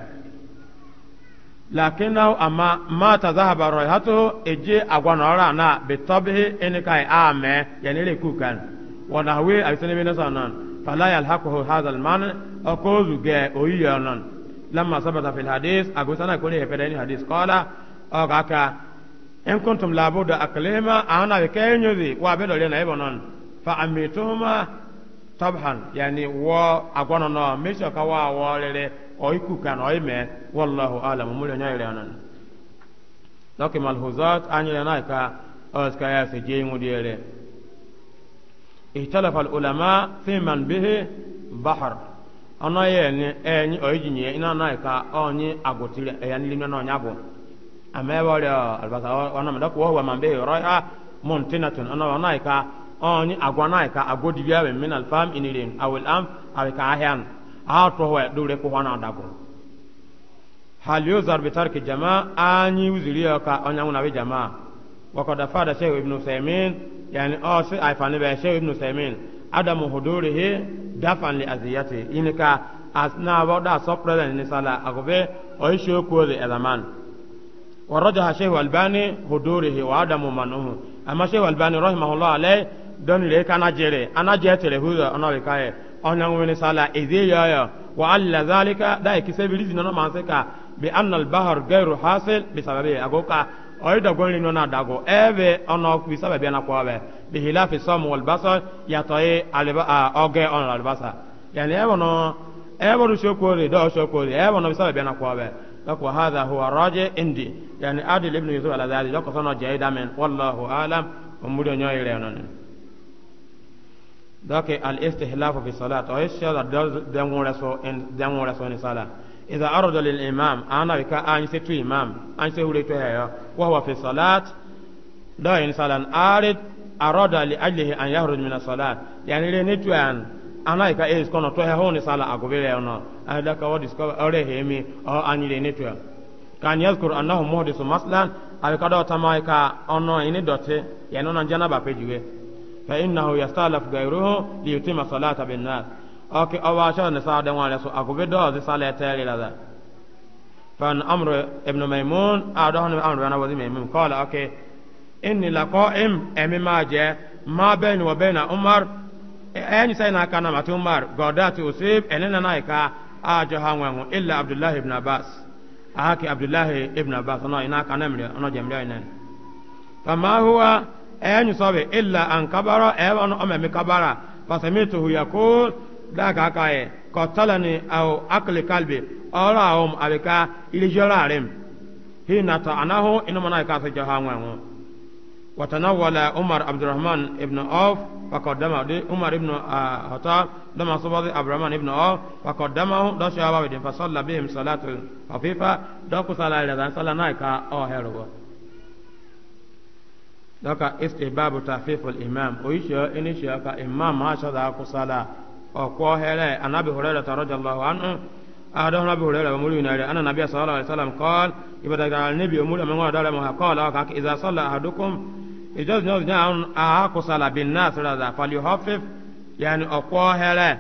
lakin náà àmà má tàzá harọ̀ rẹ̀ hàt ahọ́ èjì agwọ́n ọ̀rọ̀ àná bìtọ́bìhì ẹni káyẹ àmẹ́ yẹn lè kú kan wọn àwé àbísẹ́ni bí nẹ́sàn náà fàlàyé alhakuhu hazal man ọkọ̀ọ́zù gẹ̀ oyiyọ̀ náà lamma sabata fil hadis agusana kuni hefedeni hadis kọ́lá ọ̀gáka in kuntum labuda akalima ahana bi kẹ́yìn yóò zi wà á bẹ́ẹ̀ fa àmì طبعا يعني و أقوانا نا مش كوا وارد أو يكو كان أي ما والله أعلم مولا نيري أنا لكن الهزات أني لنا كا أسكا يسجي مديري اختلف العلماء في من به بحر أنا يعني أني أيجني إن أنا كا أني أقتل يعني لمن أنا أبو أما ولا البكاء أنا مدك وهو من به رأي منتنة أنا أنا كا on agwana ka agodi biya be min alfam inirin awil am awika ahyan a to wa dure ko wana dago hal yuzar bi tarki jamaa anyi uzuriya ka onyangu na be jamaa وقد أفاد شيخ ابن سيمين يعني أو شيخ أيفان شيخ ابن سيمين عدم حضوره دفعا لأذيته إنك أثناء وضع صبر للنساء أغبي ويشو كوز إلمان ورجح شيخ الباني حضوره وعدم منعه أما شيخ الباني رحمه الله عليه don le kana jere ana je jetere huza ona le kae ona ngwene sala ezi yaya wa alla zalika da ikisebili e zina manse ka bi anna al bahar gairu hasil bi sababi e agoka oida gwanri no na dago ebe ona ku bi sababi na kwabe bi hilafi sam wal basar ya toye alba oge on al basar yani ebe no ebe ru shokore do shokori ebe no sababi na kwabe lako hadha huwa raji indi yani adil ibn yusuf al-azali lako sana jaida men wallahu alam omudo nyoy le dɔke al istihlafu fi salat o shara dangu raso en dangu raso ni sala idha arada lil imam ana ka an se tu imam an se hure to ya wa huwa fi salat da in salan arid arada li ajlihi an yahruj min salat yani re ne tu an ana ka e ko no to ya ho ni sala agobele no ada ka wa discover ore he mi o an re ne tu kan yazkur annahu muhdisu maslan al kada tamai ka ono ini dote yani ono janaba pejuwe فإنه يستالف غيره ليتم صلاة بالناس أوكي أواشا نساء دموان يسو أقبي دوزي صلاة تالي لذا فان أمر ابن ميمون أدوهن أمر أنا وزي ميمون قال أوكي إني لقائم أمي ما جاء ما بين وبين عمر أين سينا كان مات عمر قدات أصيب أننا نايكا أجوها وانو إلا عبد الله ابن عباس أهكي عبد الله ابن عباس أنا إنا كان أمري أنا جمري فما هو ɛyɛnyu sɔbi illa an kabara ɛyɛba no ɔmɛ mi kabara fasami tuhu yakul daka aka yɛ kɔtalani awo akili kalbi ɔrɔ awom abika ilijɔra arim hina ta anahu inumana ika se jɔha ŋwɛŋu umar abdulrahman ibn auf fakɔdama de umar ibn hata dama sobɔdi abdurrahman ibn auf fakɔdama dɔsi uh, awa wɛdi fasɔlila bihim salatu fafifa dɔkusala yɛrɛ dan sala n'a yi ka ɔhɛrɛ oh, wɔ. doka istihbabu tahfifu al-imam oisho inisho ka imam masha da ku sala o ko hele anabi hurairah radhiyallahu anhu ado nabi hurairah wa mulina ile anna nabiy sallallahu alaihi wasallam qal ibadaga nabi umul amwa dala ma qala ka idza salla ahadukum ijaz nyo nyaun a ku sala bin nas rada falyuhaffif yani o ko hele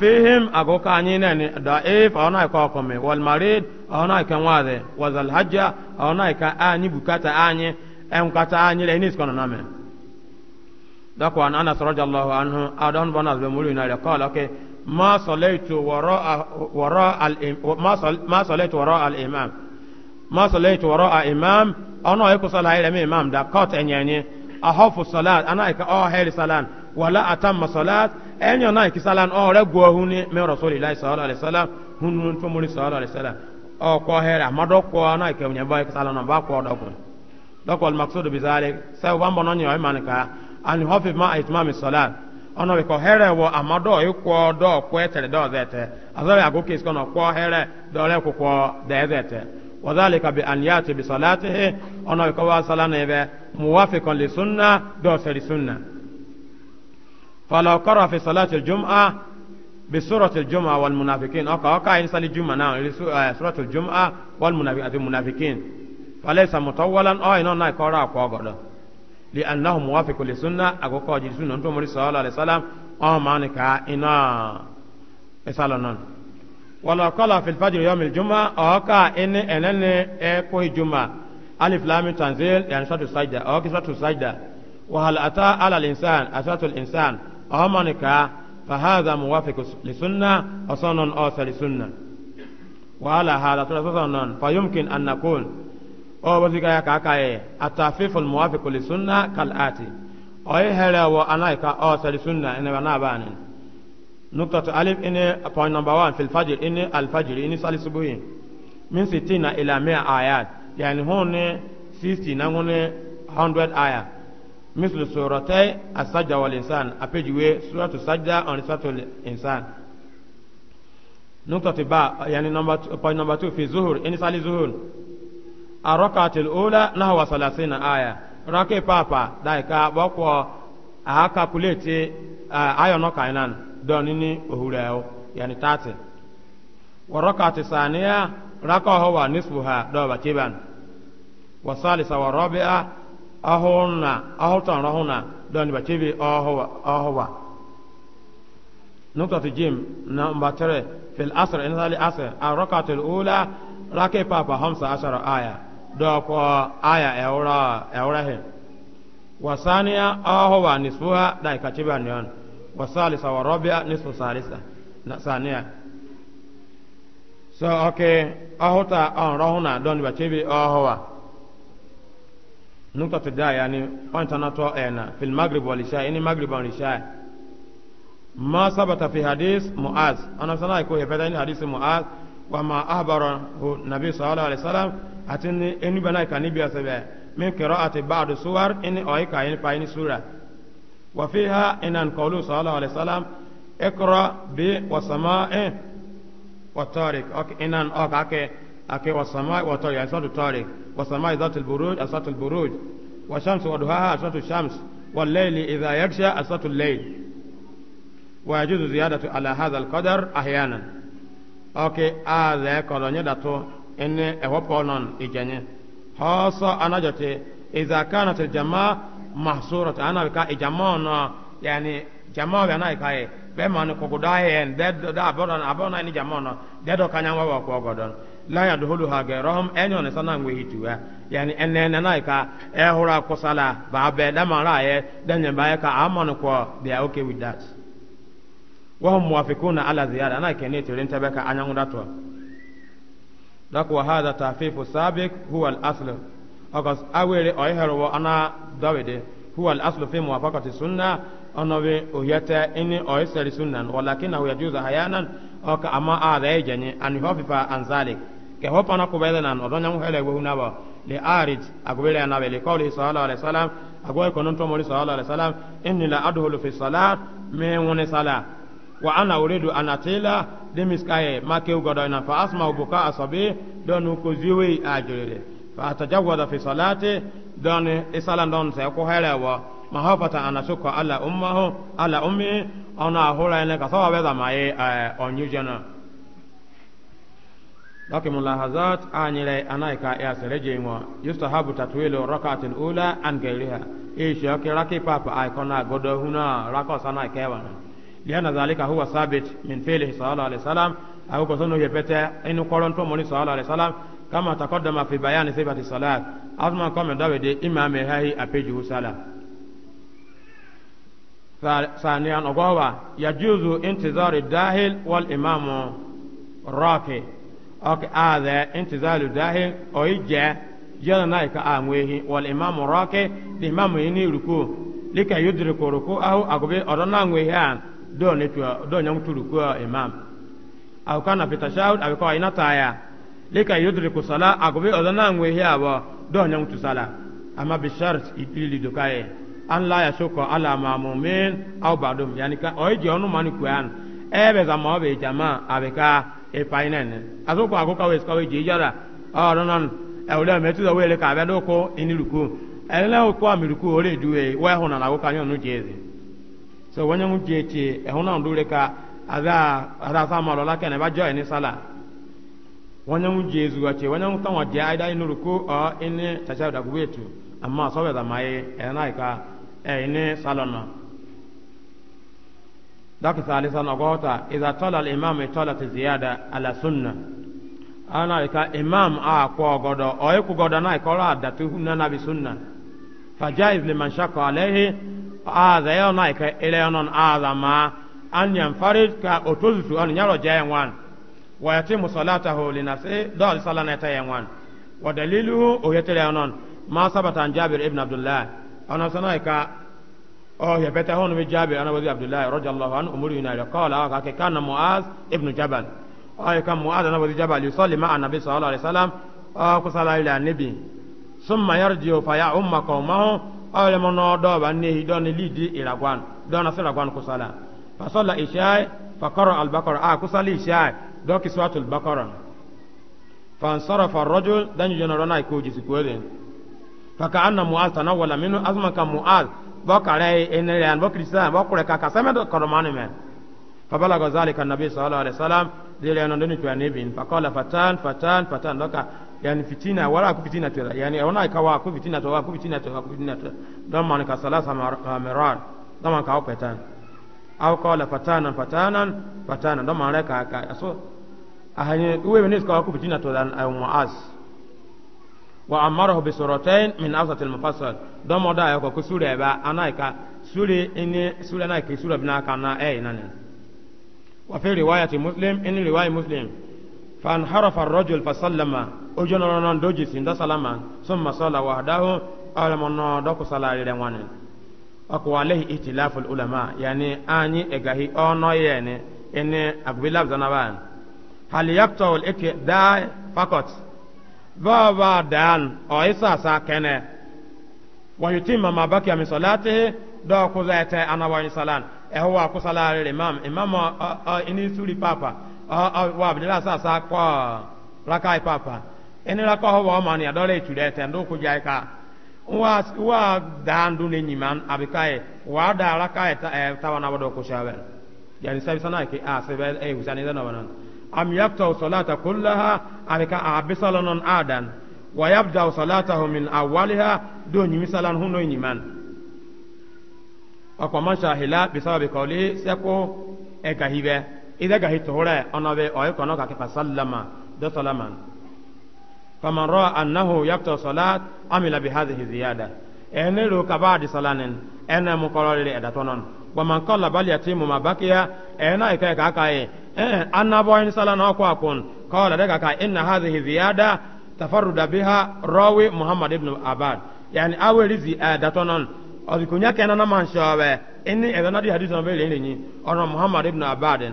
fihim agoka anyina da'if ona ko kome wal marid ona ka wade wazal hajja ona ka anyi bukata anyi en kata nyire ni skono na men dako an anas radiyallahu anhu adon bonas be mulu na le qala ke ma salaitu wara wara al ma sal ma salaitu al imam ma salaitu al imam ana ko sala ile mi imam da kot enyenye ahofu salat ana ka o heri salan wala atamma salat enyo na ki salan o re gwo huni me rasulillahi sallallahu alaihi wasallam hunun to muri sallallahu alaihi wasallam o ko hera madokko ana ka nyaba ka salan ba ko dokko dɔkɔ maksudu bizaale sɛw bambɔ nɔ nyɛ ɔyimani ka ani hɔfi ma ayitumami sɔlaat ɔnɔ bi kɔ hɛrɛ wɔ ama dɔw yi kɔ dɔw kɔɛ tɛrɛ dɔw zɛ tɛ azɔli ago kesi kɔnɔ kɔ hɛrɛ dɔw lɛ ko kɔ dɛɛ zɛ tɛ wazali ka bi aniyaati bi sɔlaati he ɔnɔ bi kɔ waa sala ne bɛ muwafi kɔn li sunna dɔw sɛri sunna falaw kɔrɔ fi sɔlaati jum'a bi surati jum'a wal munafikin ɔkɔ ɔka ayi sali jum'a naa surati jum'a wal munafikin فليس مطولا أي آه، نون ناي كورا أقوى لأنه موافق للسنة أقوى كوجي السنة أنتم مري صلى الله عليه وسلم أو آه، مانكا آه، إنا إسالة نون ولا قال في الفجر يوم الجمعة أو كا إن إنن إكوه إيه، الجمعة ألف لام تنزيل يعني شرط السجدة أو كشرط السجدة وهل أتى على الإنسان أشرط الإنسان أو مانكا فهذا موافق للسنة أصلا أو سلسنة وعلى هذا ترى فيمكن أن نكون o ba zika ya kaka ye atafiful muwafiqu li sunna kal ati o ye hera wa anaika o sari sunna ina bana bani nuktatu alif ina point number one filfajiri fajr ina al ina sali subuhi min 60 ila 100 ayat yani hone 60 na ngone hundred aya mislu suratai asajda wal insan apejiwe suratu sajda on suratul insan nuktatu ba yani point number two fi zuhur ina sali zuhur الركعة الأولى نحو ثلاثين آية ركي بابا دايكا بوكو أهاكا كوليتي آية نوكا إنان دونيني أهوليو يعني تاتي والركعة الثانية ركع هو نصفها دوبا كيبان والثالثة والرابعة أهونا أهوتان رهونا دوني بكيبي أهو أهو نقطة جيم نمبر 3 في العصر إن العصر الركعة الأولى ركي بابا 15 آية dɔkɔ aya ɛwura ɛwura hɛn wasaniya wa nisfuha da ikachiba nyon wasalisa wa rabia nisfu salisa na saniya so okay ahota on rohuna don ba chibi ahowa nukta tida yani on tanato ena fil maghrib wal isha ini maghrib wal isha ma sabata fi hadis muaz ana sana ko hefeda ni hadis muaz wa ma ahbara nabi sallallahu alaihi wasallam ati eni bana ka ni biya sebe min qira'ati ba'd suwar in oy ka in pa sura wa fiha inan qawlu sallallahu alaihi wasallam ikra bi wa sama'i wa tariq ok inan ok ake ake wa wa tariq asatu tariq wa sama'i zat al buruj asatu al buruj wa shamsu wa duhaha asatu shams wal layli idha yaghsha asatu al layl wa yajuzu ziyadatu ala hadha al qadar ahyanan ok a za kolonya dato ene ewopo non ijenye hoso anajote iza kanat aljamaa mahsurat ana ka ijamaa no yani jamaa ya nai kai be man ko gudaye en de da abona abona ni jamaa no de do kanya wa ko godon la ya yadhulu hage gairahum enyo ne sana ngwe hituwa yani ene ne nai ka e hura ko sala ba be da ma ra ye de ne ba ka amon ko they are okay with that wa hum muwafiquna ala ziyada ana kenete renta be ka anyangu dato dako hada tafifu sabik huwa al-asl akas awere oyhero wa ana dawede huwa al-asl fi muwafaqati sunna onobe oyata ini oyisari sunnan walakina huwa juza hayanan oka ama ada ejani an hofifa an zalik ke hopana ko bedana no donya mu hele wehuna ba li arid agbele ana be li qawli sallallahu alaihi wasallam agwa konon to mori sallallahu alaihi wasallam inni la adhulu fi salat me woni salat wa ana uridu an atila demis kaye make ugodo na fa asma ubuka asabi don ko ziwe ajurire fa atajawada fi salati don isalan don se ko herewa mahafata ana shukwa ala ummahu ala ummi ona hura ene ka sawa beza mai eh, onyujana لكن ملاحظات عن أنايكا يا سرجيمو يستحب تطويل الركعة الأولى عن غيرها إيش يكي راكي بابا أيكونا غدو هنا راكو سانا كيوانا لأن ذلك هو ثابت من فعله صلى الله عليه وسلم أو كسنه يبتع إن قرن تومني صلى الله عليه وسلم كما تقدم في بيان صفة الصلاة أزمان كما داود إمام هاي أبيجه صلاة ثانيا أقوى يجوز انتظار الداخل والإمام راكي أك هذا انتظار الداخل أو إجا جل نايك آموه والإمام راكي الإمام يني ركوع لكي يدرك ركوعه أقبل أرنا ويهان do ne tuwa do nyam turu ko imam aw kana fi ya aw ko ina taya lika yudriku sala agobe odana ngwe hiya ba do nyam tu sala ama bi shart ilili do an la ya shoko ala ma mu'min aw badum yani ka oyi je onu mani ko ebe eh, za ma be jama abeka e painen azoko agoka we skawe je jara ah non non e eh, ole metu do we le ka be do ko iniruku ele eh, ko amiruku ore duwe we nu so wanya mu tieti ehuna eh, ka ada ada sama lola kene ba joy ni sala wanya mu jezu ache eh, wanya mu tanwa dia aida inu ruku o ini tacha da kuwetu amma sawe da mai ehna ka eh, eh ini salona daki salisa na gota idza tala al imam ziyada ala sunna ana ka imam a ko godo o ku godo na ko ra da tu na bi sunna fajaiz liman shaka aza yo na ka ile onon aza ma an yan farid ka otozutu an yaro jayen wan wa yatimu salatahu li nafsi dal salana tayen wan wa daliluhu o yetere onon ma sabata an jabir ibn abdullah ana sana ka o ya beta hon mi jabir ana wazi abdullah radiyallahu anhu umuri ina qala ka kana muaz ibn jabal ay kan mu'adha na wadi jabal yusalli ma'a nabi sallallahu salam wasallam ku sala ila nabi summa yarji fa ya umma qaumahu awle mo no do ba ne do ne lidi iragwan do na siragwan kusala fa salla isha fa qara al baqara a ah, kusali isha do ki suratul baqara fa ansarafa ar-rajul dan yunara na ko jisi ko den fa ka anna mu'az tanawwala minhu azma ka mu'az bo kare enere an bo krista bo kure ka ka samedo koromanu men fa balaga zalika nabi sallallahu alaihi wasallam dile non deni to anibin fa qala fatan fatan fatan doka yani fitina wala ku fitina tela yani ona ikawa ku fitina to ku fitina to ku fitina to dan man ka salasa maran dan man ka opetan aw qala fatana fatana fatana dan man ka ka so ahanye uwe ne ka ku fitina to dan ay muas wa amarahu bi suratain min awsat al mufassal dan mo da ko sura ba anaika sura ini sura na ke eh, sura bina kana ay nanin wa fi riwayati muslim in riwayati muslim فانحرف الرجل فسلم اجنا نون دوجي سين سلاما ثم صلى وحده على من دوك صلى لوان اكو عليه ائتلاف العلماء يعني اني اغاهي اونو يعني ان اقبل زنبان هل يقطع الاكدا فقط بابا دان او اساسا كنه ويتم ما بقي من صلاته دوك زيت انا وين صلاه هو اكو صلاه الامام امام اني سوري بابا wa abdullah sa sa kwa raka ipapa eni raka ho wa man ya dole ture ten do ku jai ka wa wa dandu ne nyiman abikai wa da raka ta ta wana bodo ku shawel yani sabi sana ke a se be e husani da wana am yaqta salata kullaha abika abisalanon adan wa yabda salatahu min awwaliha do nyimisalan huno nyiman akwa masha hila bisababi qawli seko e kahibe إذا جهت هراء أنا بي أيك أنا كيف سلم ده سلما فمن رأى أنه يكتب صلاة عمل بهذه الزيادة أنا لو كبعد صلاة أنا مقرر لأدتون ومن قال بل يتم ما بقي أنا إيك كاكاي أنا بوين صلاة أكو أكون قال ده إن هذه الزيادة تفرد بها راوي محمد بن عباد يعني أول زيادة أذكر يا كنا نمان شابه إني إذا نادي حديث نبيل إني أنا محمد بن عباد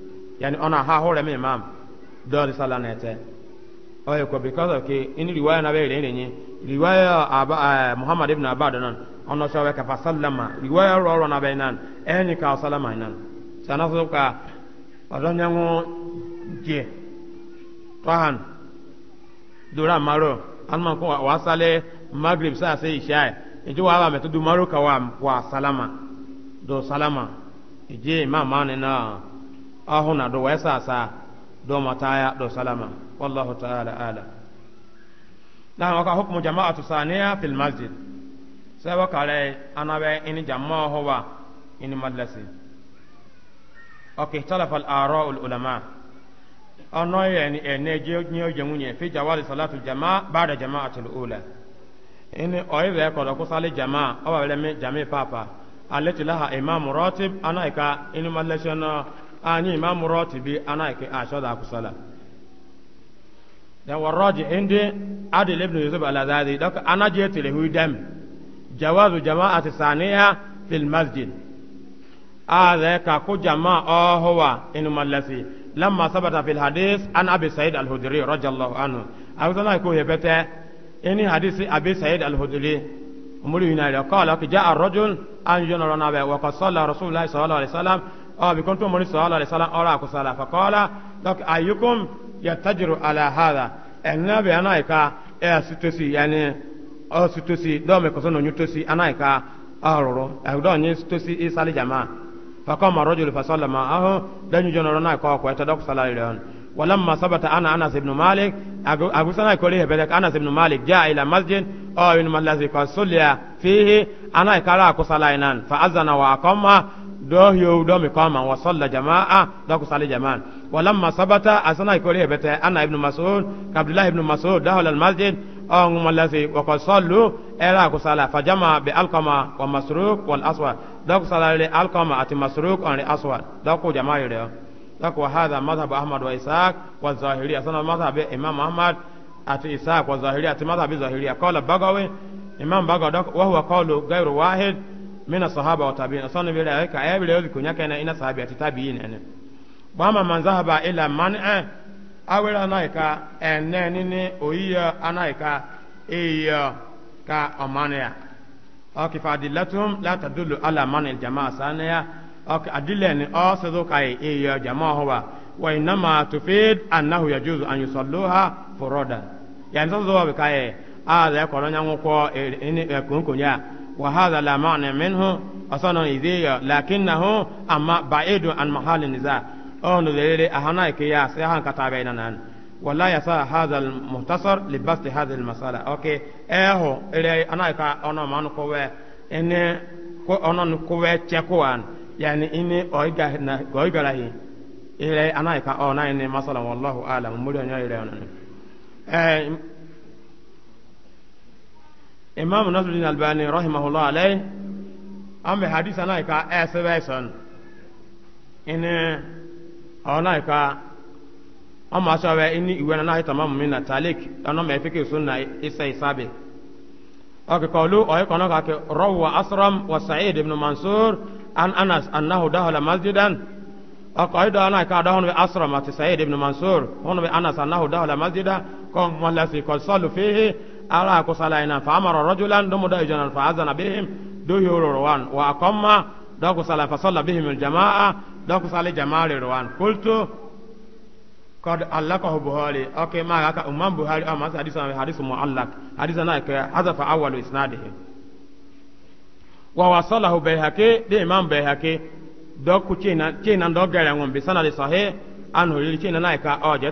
yani ona ha hore mi imam dori sala ete oye ko because of ke in riwaya na be re ni riwaya aba eh, muhammad ibn abad nan ono shawe ka fasallama riwaya ro ro na be nan eni eh, ka salama nan sana so ka odon yango je tahan dura maro alman ko wa sale maghrib sa se isha ejo wa ba metu du maro ka wa wa salama do salama ije e imam na ahuna do wesa sa do mataya do salama wallahu ta'ala ala na waka hukmu jama'atu saniya fil masjid sai waka lai anabe in jama'a huwa in madrasi ok ikhtalafa al ara'u al ulama ono yani ene je nyo jamunye fi jawali salatu jama'a ba'da jama'ati al ula ini oyibe ko do kusali jama'a o wa le jami'a papa alati laha imam ratib ana ika in madrasi na ani imam rotibi ana ke asho da kusala da waraji indi adil ibn yusuf al-azadi dak ana je tilehu dam jawazu jama'ati saniya fil masjid هذا كاكو جماعة هو إنما الذي لما ثبت في الحديث عن أبي سعيد الهدري رضي الله عنه أوزنا يكون هبته إن حديث أبي سعيد الهدري أمري هنا قال جاء الرجل أن جنرنا وقد صلى رسول الله صلى الله عليه وسلم aw bi kuntum mun sallallahu alaihi wasallam ora ku sala fa qala dak ayyukum yatajiru ala hadha enna be anaika e eh, situsi yani o oh, situsi do me ko sono nyutosi anaika aroro ah, e do nyi situsi isali jama. fa qama rajul fa sallama aho danyu jonoro na ko ko ta dak sala ile on ولما ثبت انا انس بن مالك ابو سنه كوري هبلك انس بن مالك جاء الى مسجد او من الذي قد صلى فيه انا كرا كسلاينان فاذن واقام دوه يو دومي قاما وصل جماعة دوكو صلى جماعة ولما ثبت أسنا يقول يبت أنا ابن مسعود كعبد الله ابن مسعود دخل المسجد أهم الذي وقد صلوا إلا كصلاة فجمع بألقمة ومسروق والأسود دوكو صلى لألقمة أتي مسروق أن الأسود دوكو جماعة يديو دوكو هذا مذهب أحمد وإسحاق والظاهرية أسنا مذهب إمام أحمد أتي إسحاق والظاهرية أتي مذهب الظاهرية قال بغوي إمام بغوي وهو قول غير واحد mina sahaba wa tabi'in asana bila yaka ya bila yozi kunya kana ina sahabi ati tabi'in ene bama man zahaba ila man eh, a awira naika ene nini oyiya anaika iya ka omania ok fa adillatum la tadullu ala man al jamaa sanaya ok adillani o sadu kai iya jamaa huwa wa inama tufid annahu yajuzu an yusalluha a da ya وهذا لا معنى منه أصلا إذية لكنه أما بعيد عن محل النزاع أهن ذلك أهنائك يا سيحان كتابيننا ولا يسع هذا المختصر لبس هذه المسألة أوكي إيهو إلي أنا كا أنا ما نكوى إن كو أنا نكوى تكوان يعني إني أويجا أويجا إلي أنا كا أنا إني مسألة والله أعلم مدن يا إلي أنا imam nasiruddin albani rahimahullah alayhi an bɛ hadisa n'a ye ka ɛsɛbɛ sɔn ini ɔ n'a ye ka an ma sɔbɛ ini iwe na n'a ye tamamu min na talik ɔnɔ mɛ e fike sun na isa isabe ɔkè kɔlu ɔyɛ kɔnɔ ka kɛ rɔw wa asram wa sa'id ibn mansur an anas annahu dahala masjidan ɔkè ɔyɛ dɔ ka dɔ hɔn asram ati sa'id ibn mansur hɔn bɛ anas annahu dahala masjida kɔn mɔlɛsi kɔn sɔlu fihi ala ko sala ina fa amara rajulan do moda ijana fa azana bihim do yoro rowan wa aqamma do ko sala fa salla bihim al jamaa do ko sala jamaa rowan qultu qad allaqahu buhari okay ma ka umman buhari amma hadith na hadith muallaq hadith na ka hazafa awwal isnadihi wa wasalahu bayhaqi de imam bayhaqi do ku china china do gare ngombe sanad sahih anhu li china na ka o je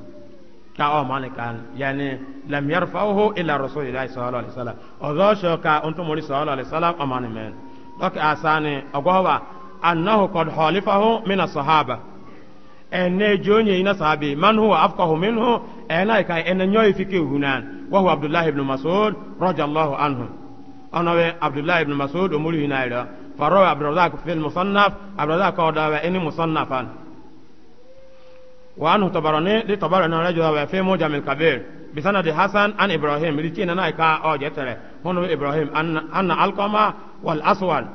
ka o mani kan yani lam yarfa'uhu ila rasulillahi sallallahu alaihi wasallam odo sho ka onto mori sallallahu alaihi wasallam o mani men ok asani ogowa annahu qad khalifahu min as-sahaba ene jonye ina sahabi man huwa afqahu minhu ena ka ene nyoy fiki hunan wa huwa abdullah ibn mas'ud radiyallahu anhu ana we abdullah ibn mas'ud umuri hinaira faro abdurrazzaq fil musannaf abdurrazzaq qawda wa ini musannafan وعنه تبرني دي طبراني رجل وفي من كبير بسند حسن عن إبراهيم لتينا نايكا أو جتر هنو إبراهيم أن أن القمة والأسود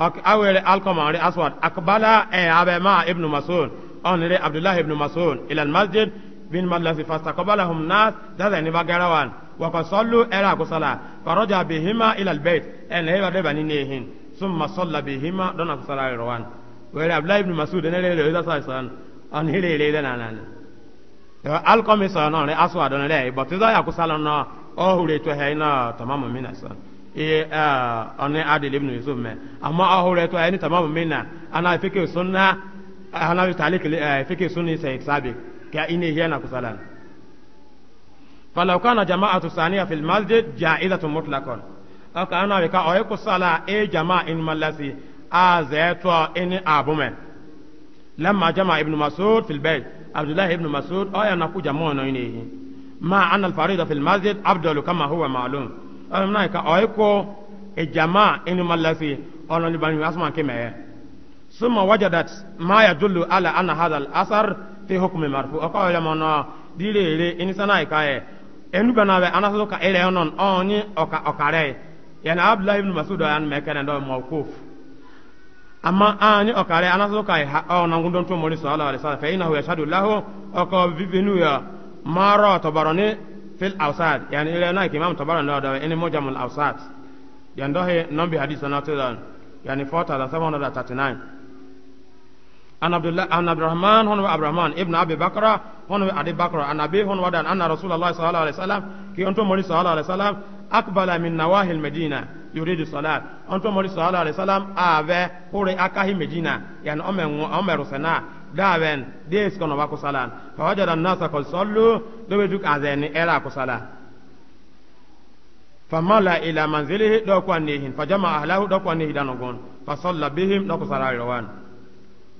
أول ألقما والأسود أقبل إيه، أبي ما ابن مسعود أن عبد الله ابن مسعود إلى المسجد بن الذي فاستقبلهم الناس ذا نبغروان وقد صلوا إلى قصلا فرجع بهما إلى البيت أن هي ربني نيهن ثم صلى بهما دون قصلا روان وعبد الله ابن مسعود نلي له إذا صلى ọ̀nà ilé ilé ilé nànà ni alikọ́mi sọ̀rọ̀ náà rẹ̀ aṣọ àdánù rẹ̀ ìbọ̀ tí zọ́yà kó sálọ náà ọ̀húre tó hẹ́ iná tamamu mina sọ iye ọ̀nà adìlẹ̀ ibùdó yusuf mẹ́ àmọ́ ọ̀húre tó hẹ́ ní tamamu mina ana ìfikè sunna ana ìfikè sunni sẹ́yìn sábì kí iná ihe na kó sálọ. فلو كان جماعة ثانية في المسجد جائزة مطلقا أكأنا بك أيكو e أي جماعة إن ملسي آزيتو إن أبومن لما جمع ابن مسعود في البيت عبد الله ابن مسعود آية نقول جمعنا إليه ما أن الفريضة في المسجد أفضل كما هو معلوم أنا أيكو الجماعة إن ملسي أنا نبني أسمع كما ثم وجدت ما يدل على أن هذا الأثر في حكم مرفوع أقول لما ديري إلي إن سنة إكاية إنو بنا أنا سوكا إلي أنون أوني أكاري يعني عبد الله ابن مسعود أنا مكان دوم موقوف amma ani okare anaso kai ha o nangundon to mori sallallahu alaihi wasallam fa innahu yashhadu lahu o ko bibinu ya mara tabarani fil awsad yani ile na imam tabarani da ini mujamul awsad yando he nombi hadith na tazan yani 4739 an abdullah an abdurrahman hon wa abdurrahman ibn abi bakra hon wa abi bakra an abi hon wa dan anna rasulullah sallallahu alaihi wasallam ki onto mori sallallahu alaihi wasallam akbala min nawahil medina yuridu salat onto mori sallallahu alaihi wasallam ave hore akahi medina yani omen omeru sana daven des kono wako salan fa wajada nasa kol sallu do be duk azeni era ko sala famala ila manzilihi do ko anihin fa jama ahlahu do ko anihi danogon fa salla bihim do ko sala rawan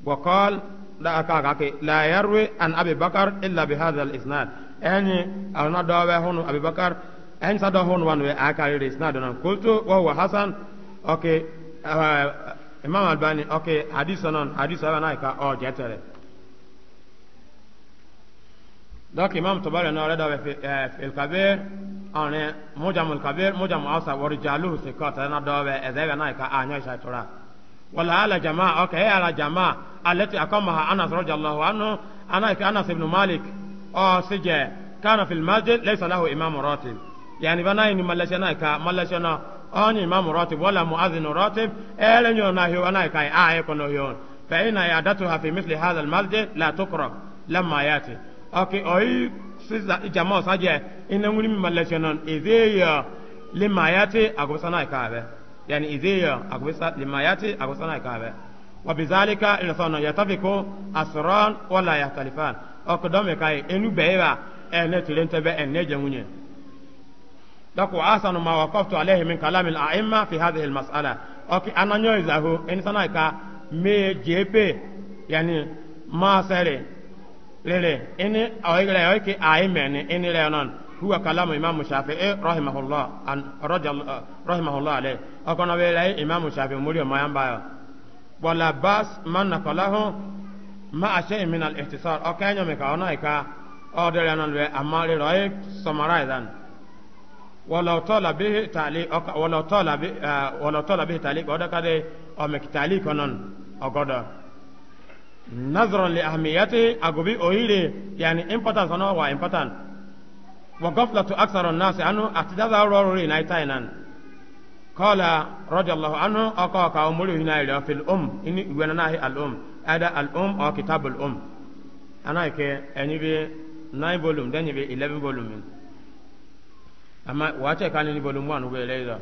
wa qal la akaka ke la yarwi an abi bakar illa bi hadha al isnad yani alna do be abi bakar en sada hon wan we akari res na donan kultu wa huwa hasan okay uh, imam albani okay hadith sanan hadith sanan ay ka o oh, jetere donc imam tabari na rada we fi el kabir ane mujam al kabir mujam asa wa rijaluhu sikata na do we ezebe na ka anyo sha tura wala ala jamaa okay ala jamaa alati akamaha uh, anas radiyallahu anhu ana anas ibn malik o oh, sije kana fil masjid laysa lahu imam ratib yani bana ni malashana ka malashana oni imam ratib wala muadhin ratib ele nyo na hiyo na ka ay e kono yon fa ina yadatuha fi mithli hadha al masjid la tukra lamma yati okay oyi siza jama saje ina nguri malashana ezeya lima yati agusana ka be yani ezeya agusa lima yati agusana ka be wa bizalika insana yatafiku asran wala yahtalifan okdome kai enu beiba ene tilente be ene jamunye dako asanu ma waqaftu alayhi min kalamil a'imma fi hadhihi almas'ala oki ananyo izahu insana ka me jepe yani ma sare lele ini awigle yoki a'imma ni ini le non huwa kalamu imamu shafi'i rahimahullah an rajal eh, rahimahullah alayhi akona wele imamu shafi'i muri ma yamba wala bas man nakalahu ma ashay min al-ihtisar okanyo me ka ona ka odere non we amari roy summarize ولو طال به تعليق ولو طال به ولو طال به تعليق هذا كده أو مكتالي كنن أقدر نظرا لأهميته أقبي أهيلي يعني importance أنا هو important وقفلة أكثر الناس عنه أتجاز روري نايتاينا قال رضي الله عنه أقاك أمره هنا في الأم إن ونناه الأم هذا الأم أو كتاب الأم أنا كي أني بي 9 volume دني بي 11 volume ama wacha kani ni bolumwa no beleza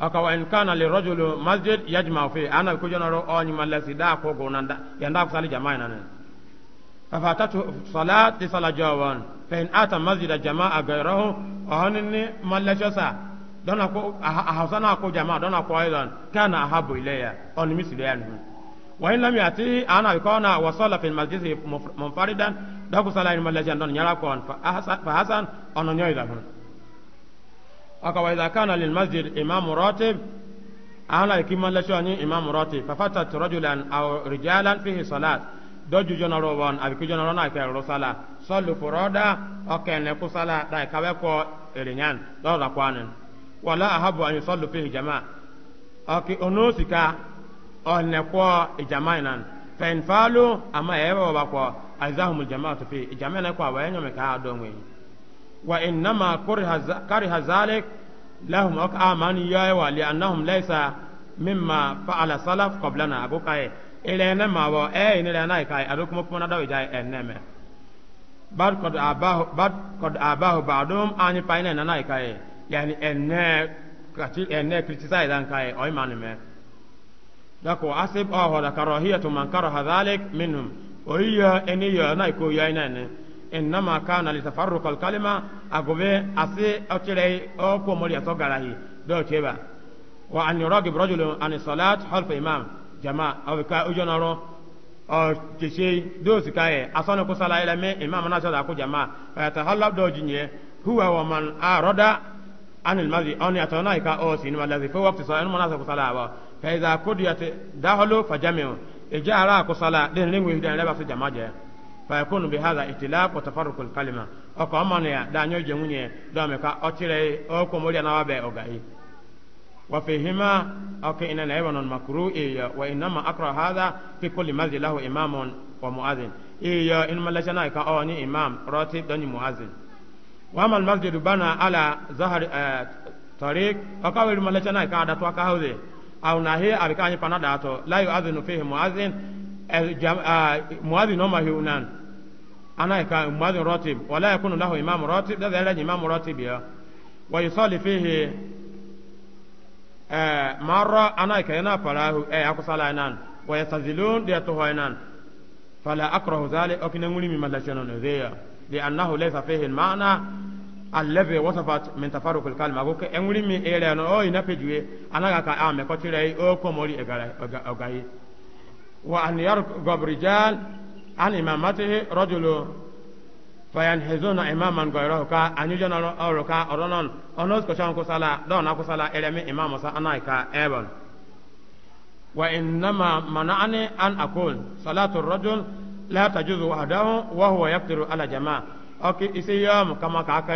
akawa in kana li rajulu masjid yajma fi ana ko na ro ni malasi da ko go nanda yanda ko sali jama'a nana fa fatatu salati salajawan fa in ata masjid jama'a gairahu ahani malasi sa dona ko ahasana ko jama'a dona ko aidan kana ahabu ilaya on misli yan wa in lam yati ana kona wa sala fi masjid munfaridan da ko sala ni malasi don nyara ko fa hasan on nyoida hun aka wa kana lil masjid imam ratib ana kima la shani imam ratib fa fatat rajulan aw rijalan fihi salat doju jona roban abi ku jona rona ka ro sala sallu furada akene ku sala da ka we ko elinyan do la kwanin wala ahabu an yusallu fihi jamaa aki onosika onne ko ijamainan fa infalu ama ewa ba ko azahumul jamaatu fi ijamana ko wa yenyo me ka do ngwe وإنما كره ذلك لهم أكامان آمان يايوا إيوة، لأنهم ليس مما فعل سلف قبلنا أبو كاي إلى نما و إيه إلى ناي كاي أدوك مكمنا دو جاي إنما بعد قد أباه بعد قد أباه بعدهم أني باين ناي كاي يعني إن كتير إن كريتيسايز أن كاي أي مانمه dako asib ahora karahiyatu man karaha dhalik minhum oyiya eniyo naiko yainane innama kana litafarruqa alkalima agobe ase otirei o ko mori aso garahi do cheba wa an yuragib rajulun an salat halfa imam jama aw ka ujonaro o tishe do sikaye asana ko sala ila me imam na sada ko jama fa tahallab do jinye huwa wa man arada an almadhi on yatana ka o sin wala fi waqti sala man asa ko sala wa fa idha qudiyat dahlu fajami'u ijara ko sala den lengwe hidan leba so jama je fayakunu bihadha itilaf wa tafarruqu alkalima oko amana ya danyo jemunye dome ka otire oko na wabe ogai wa fihima oko ina na ibn makru iya wa inma akra hadha fi kulli madhi lahu imamun wa muadhin iya in malashana ka oni imam ratib dani muadhin wa amal masjid bana ala zahar tariq oko wel malashana ka adatu ka hawde au nahi abikanye panada to la yu'adhinu fihi muadhin muadhin no mahiunan ana ka muadhin ratib wala yakunu lahu imam ratib da zai imam ratib ya wa yusali fihi eh marra ana ka yana farahu eh akusala nan wa yastazilun da tuhainan fala akrahu zali okina nguli mi malashana no zeya li annahu laysa fihi al ma'na alladhi wasafat min tafarruq al kalma ko enguli mi ere no o ina pejue ana ka ame ko tire o ko mori egara ogai wa an yarq gabrijal an imamatihi rajulu fayanhizuna imaman ghayrahu ka anyujana awru ka oronon onos ko chan kusala don akusala elemi imamu sa anai ka ebon wa innama mana'ani an aqul salatu rajul la tajuzu wahdahu wa huwa yaqdiru ala jamaa oki isiyam kama ka ka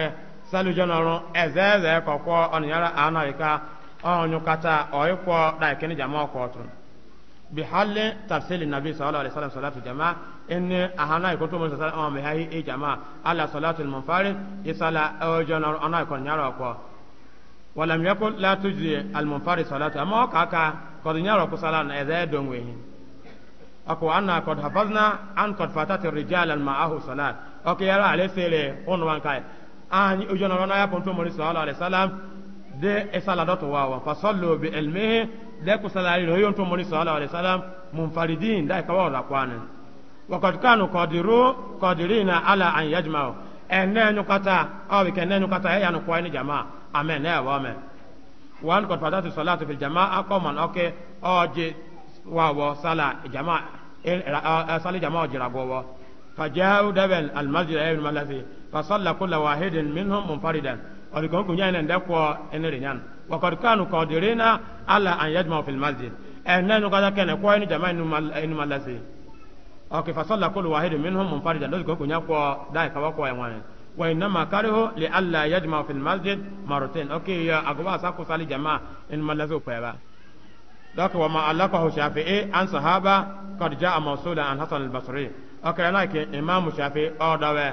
salu janaro ezeze kokko on yara anai ka onyukata oyikwo da kini jamaa ko tun bi halle tafsili nabi sallallahu alaihi wasallam salatu jamaa inni ahana ikoto mo sasala ama mehayi e jama ala salatul munfarid isala ojona e ona ko nyaro ko walam yakul la tujzi al munfarid salatu ama kaka ko nyaro ko sala na eze dongwe hin ako anna qad hafazna an qad fatata rijal al ma'ahu salat okay yara ale sele hono wan kai ani ojona ona ya ponto mo sallallahu alaihi wasallam de esala doto wawa fa sallu bi ilmihi de ko salari no yonto mo sallallahu alaihi wasallam munfaridin da ka wala وقد كانوا قادروا قادرين على أن يجمعوا أنه نكتا أو كأنه نكتا هي نكوين جماعة أمين يا وامين وأن قد فاتت الصلاة في الجماعة قوما أوكي أوجي واو صلاة جماعة صلاة جماعة جراغوا فجاءوا دبل المسجد ابن ملسي فصلى كل واحد منهم منفردا ولكم كنيا ندكوا إنرينان وقد كانوا قادرين على أن يجمعوا في المسجد أنه نكتا كأنه كوين جماعة إنما لسي ok fasalla kullu wahidin minhum munfaridan do ko nya ko dai ka ko yan wan wa inma karihu li alla yajma fil masjid marratain ok ya agwa sa ko sali jamaa in malazo pa ba dak wa ma allaqahu shafi'i an sahaba qad jaa mawsula an hasan al basri ok ana ke imam shafi'i o dawe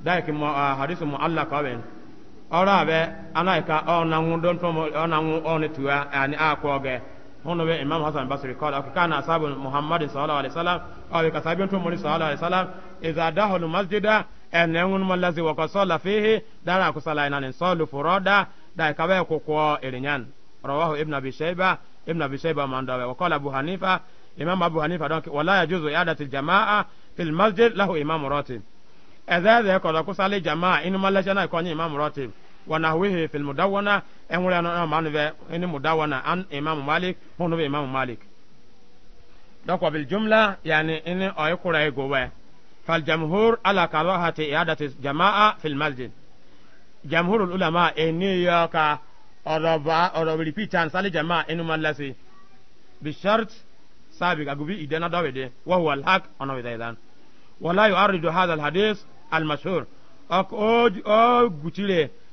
dai ke mo ah, hadithu muallaqa ben ora be ana ka o na ngun don to mo o ge hono be imam hasan basri qala fa kana ashabu muhammad sallallahu alaihi wasallam aw ka sahabi to muri sallallahu alaihi wasallam idza dahalu masjida enengun mallazi wa qasalla fihi dara ku sala ina nin salu furada da ka be ko ko irinyan rawahu ibn abi shayba ibn abi shayba mandawe wa qala abu hanifa imam abu hanifa donc wala yajuzu i'adatu jamaa fil masjid lahu imam ratib idza da ko ku sala jamaa in mallazi na ko ni imam ratib ونحوه في المدونة أمر أنا معنى إن مدونة عن إمام مالك هو إمام مالك دوك بالجملة يعني إن أيقرأ يقوى فالجمهور على كراهة إعادة الجماعة في المسجد جمهور العلماء إن يكا أربعة أربعة ريبيتان سالي جماعة إنه مالسي بشرط سابق أقوبي إدنا دويدي وهو الحق أنا بذيذان ولا يعرض هذا الحديث المشهور أك أو أو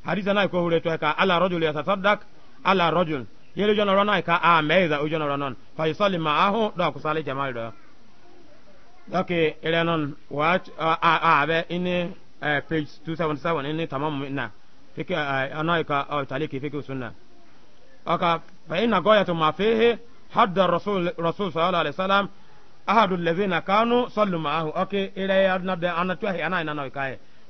hadisa na ko hure to ka ala rajul yatasaddaq ala rajul yele jona rona ka a meiza u jona ronon fa yusalli ma'ahu da ku sale jama'i da dake ile non Watch, a a be ini eh, page 277 ini tamam na fiki eh, eh, anaika au oh, taliki fiki sunna aka fa ina goya to ma fihi hadda rasul rasul sallallahu alaihi wasallam ahadu alladhina kanu sallu ma'ahu okay ile ya na da anatuhi ana ina na kai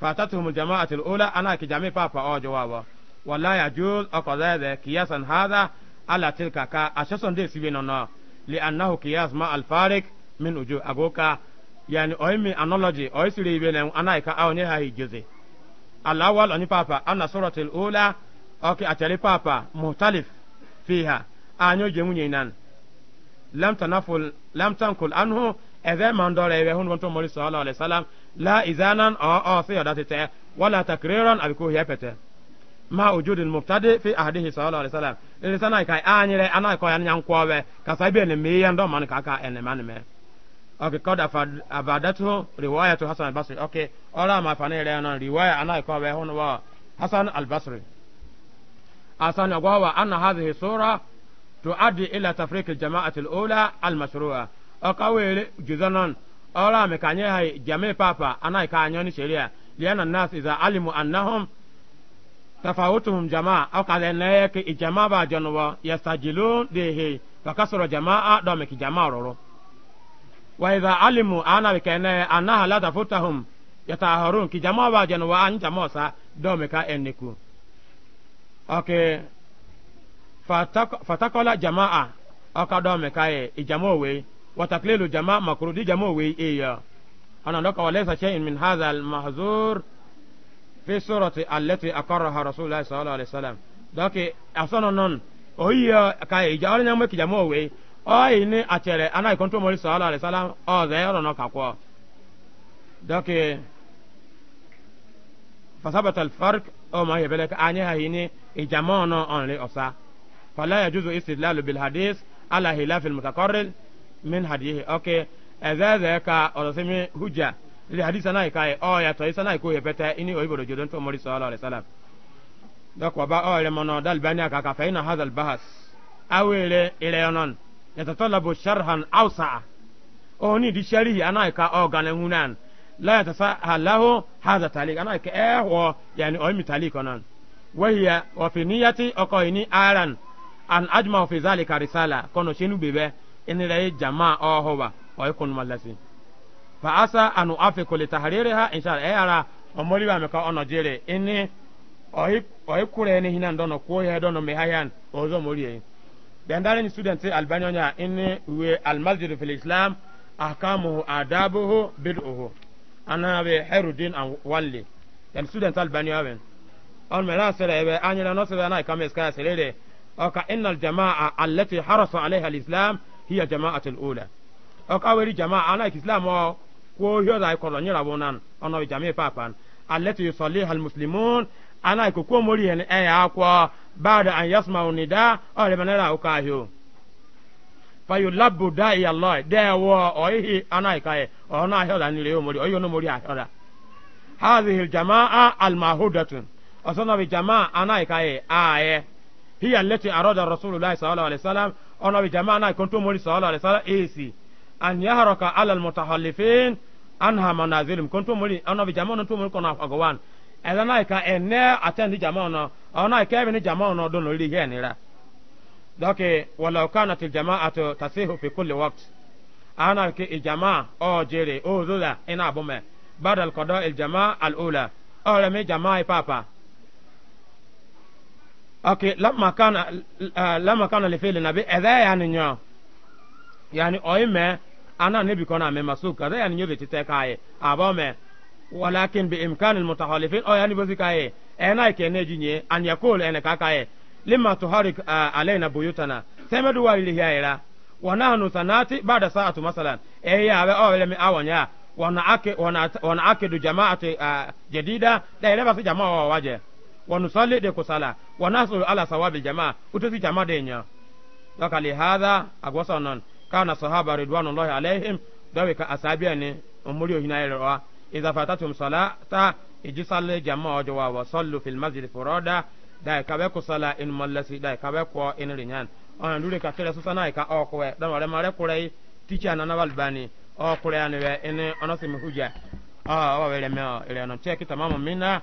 فاتتهم الجماعة الأولى أنا كجميع بابا أو جوابا ولا يجوز أقضى ذلك قياسا هذا على تلك كا أشخص دي سبيننا لأنه قياس مع الفارق من وجوه أقوكا يعني أهمي أنولوجي أهي سيري بينهم أنا إكا أو نيها يجزي الأول أني بابا أن سورة الأولى أوكي أتلي بابا مختلف فيها أنيو جموني نان لم تنفل لم تنقل عنه إذا من دور إيوه هون وانتو مولي صلى الله عليه وسلم la izanan o o se yoda tete wala takriran abiku ya pete ma ujudi almubtadi fi ahdihi sallallahu alaihi wasallam ile sana kai anyire ana ko yan nyan kwowe ka sabe ne me yan do man ka ka ene man me okay qad afadatu riwayatu hasan al-basri okay ora ma fane re na riwaya ana ko we hono wa hasan al-basri asan agwawa anna hadhihi sura tuaddi ila tafriq al-jama'ati al-ula al-mashru'a akawele juzanan ọrụ amị ka anyị ha jami papa anaghị ka anyị n'isheria liana nas iza alimu annahum tafawutuhum jamaa aw kale naye ke ijama ba jonwo yastajilun dehe fakasoro jamaa do me jamaa roro wa alimu ana ke ne annaha la tafutahum yataharun ki jamaa ba jonwo an jamaa sa do me ka fatakola jamaa aka do me e, ijama we wataklilu jama makurudi jama wei eya ana ndoka walaysa shay'un min hadha al-mahzur fi surati allati aqarraha rasulullah sallallahu alaihi wasallam doki asono non oyiya ka ija orin nyamwe kijama wei oyi ni achere ana ikonto mori sallallahu alaihi wasallam o ze yoro no kakwo doki fasabata al-farq o ma yebeleka anya hayini ijama ono onli osa fala yajuzu istidlalu bil hadith ala hilaf al-mutaqarrir min hadihi ok ezeze ka orosimi hujja li hadisa nai kai o ya to isa nai ko ye pete ini o ibodo jodon to mori sallallahu alaihi wasallam dako ba o le mono dal bani aka ka faina hadha al bahas awele ile yonon yatatalabu sharhan awsa o ni di sharhi anai ka o gane hunan la yatasahal lahu hadha talik anai ka ehwo yani o mi talik onan وهي وفي نيتي أقيني آران أن أجمع في ذلك رسالة كونو شنو بيبه inira ye Jamaa ohoba oy kun malasi fa asa anu afiku li tahririha inshallah e ara omori ba me ka ono jere ini oy oy kure ni hinan dono ko he dono me hayan ozo mori e den ni student albania nya ini we al fil islam ahkamuhu adabuhu bid'uhu ana be herudin and walli den student albania ben on me la sele be anyira no sele na ikameska selele oka ina jamaa allati harasa alaiha al islam hiya jama'atul ula o ka weri jama'a ana islam o ko hiyo da ko nyira wonan ono jami'a papan allati yusalliha almuslimun ana ko ko mori hen e akwa ba'da an yasma'u nida o le manara o ka hiyo fayulabu da'i allah dawo o hi ana kai o na hiyo da ni le mori o yo no mori a hiyo hadhihi aljamaa almahudatun asana bi jamaa ana kai aye hiya allati arada rasulullah sallallahu alaihi wasallam ona bi jama na kon to mori sallallahu alaihi wasallam esi an yaharaka alal mutahallifin anha manazilim kon to mori ona bi jama to mori kona agwan ela na ka ene attend jama no ona ka bi ni jama no do no ri he ni ra doke walau kana al jama'atu tasihu fi kulli waqt ana ke ijama o jere o zula ina abume badal qada al jama'a al ula o le mi jama'a papa okay lama kana uh, lama kana le fele na nabe eda e ni nyo yani ime ana ne bi bikona me masuka e da e ya ni nyo de tete kai me walakin bi imkan al mutahalifin o yani bozi kai e na ke ne jinye an yakul ena ka kai lima tuharik uh, alaina buyutana sema du wali duwa ira hiaira wanahnu sanati bada saatu masalan e ya be o le mi awon awonya wana ake wana wana ake du jamaati uh, jadida da ile basi jamaa wa waje ونصلي دي كسالا ونحصل على ثواب الجماعة وتسي جماعة دينيا لك لهذا أقوصنا كان الصحابة رضوان الله عليهم دوك أسابيني أموليو هنا يروا إذا فاتتهم صلاة إجي صلي جماعة جوا وصلوا في المسجد فرادا داي كابيكو صلاة إن ملسي داي كابيكو إن رينيان أنا دولي كاكيرا سوسانا إكا أوكوة دمو رماري كوري تيشي أنا نوال باني أوكوة أنا إني أنا سمي حجة آه وابا إلي ميو إلي أنا تيكي تماما منا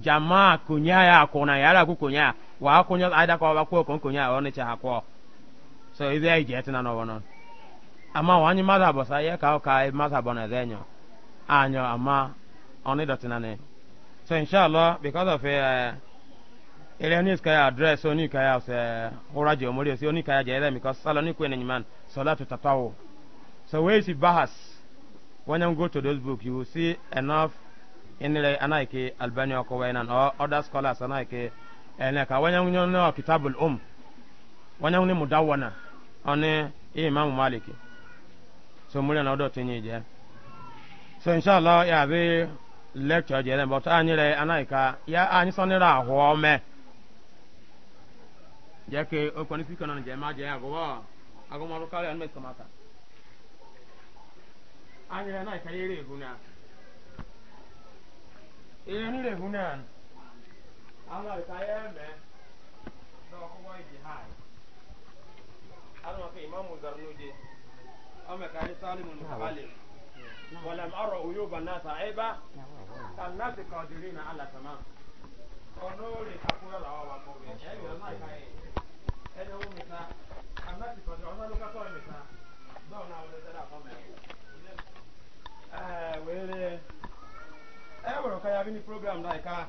jamaa kunyaya akona yala ku kunya wa kunya ada ko ba ko kon kunya oni cha hako so ibe ai jet na no wono ama wani mada bosa ye ka ka mada bona zenyo anyo ama oni dotina ne so inshallah because of uh, eh, Eleonis kaya address oni ya se horaje omori si oni kaya jere mi ko saloni ku enyiman salatu tatawo so we si bahas when you go to those book you will see enough inire anaike albani ọkụ wainan other scholars anaike ene ka wanya nwunye ọnụ kitabul um wanya nwunye mudawana ọnụ imam maliki so mure na ọdọ tinye je so inshallah ya bi lecture jere but anyire anaika ya anyị sonira ahụ ome jẹ́ kí ọkùnrin speaker náà jẹ́ máa jẹ́ àgọ́wọ́ agọ́mọ́rúkárẹ́ ọ̀nà ìsọmọ́ta. anyire náà ìkẹyẹrẹ ìhùn náà Eyan ile hunan. Ama kaya me. eme, ko wa jihad. Ana ka Imam Zarnuji. Ama ka ni Salim al-Mutalim. ولم أرى عيوب الناس عيبا الناس قادرين على تمام onore kakura la wa ko be e mi ma ka e e no mi ta ti ko ona lu ka ko mi ta do na o le ta ko me eh wele enwere ka ya bi ni program na ka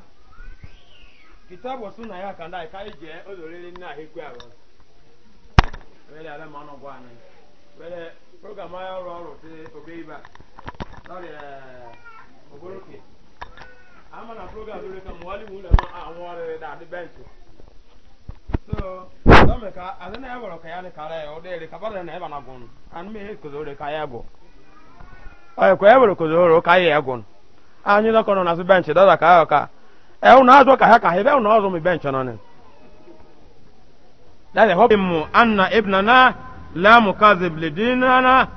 kitabu na ya ka na ka ije olorere na ahekwu aro wele ala ma no gwa ni wele program ọrụ ro ro ti obeiba lori eh oboroke ama na program lori ka mwalimu le ma awon ore da di bench so dame ka ala na ewere ka ya ni kara e o de ka bara na e ba na gun an me he ko ka ya bo ay ko e were ko ka ya gun anyị nọkọrọ na sị bench dada ka ya ka ewu na azụ ka ha ka ha ebe na ọzọ mi bench nọ ni dada hobi mu anna ibnana la mukazib lidinana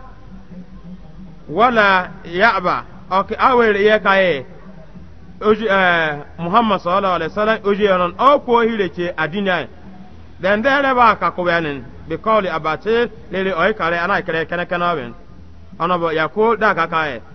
wala ya'ba ok awere ye ka ye oji eh muhammad sallallahu alaihi wasallam oji yanon o ko hireke adini ai den dere ba ka ko yanin bi qawli abati lili oy kare ana kare kana kana ben ana ba yakul da ka ka e.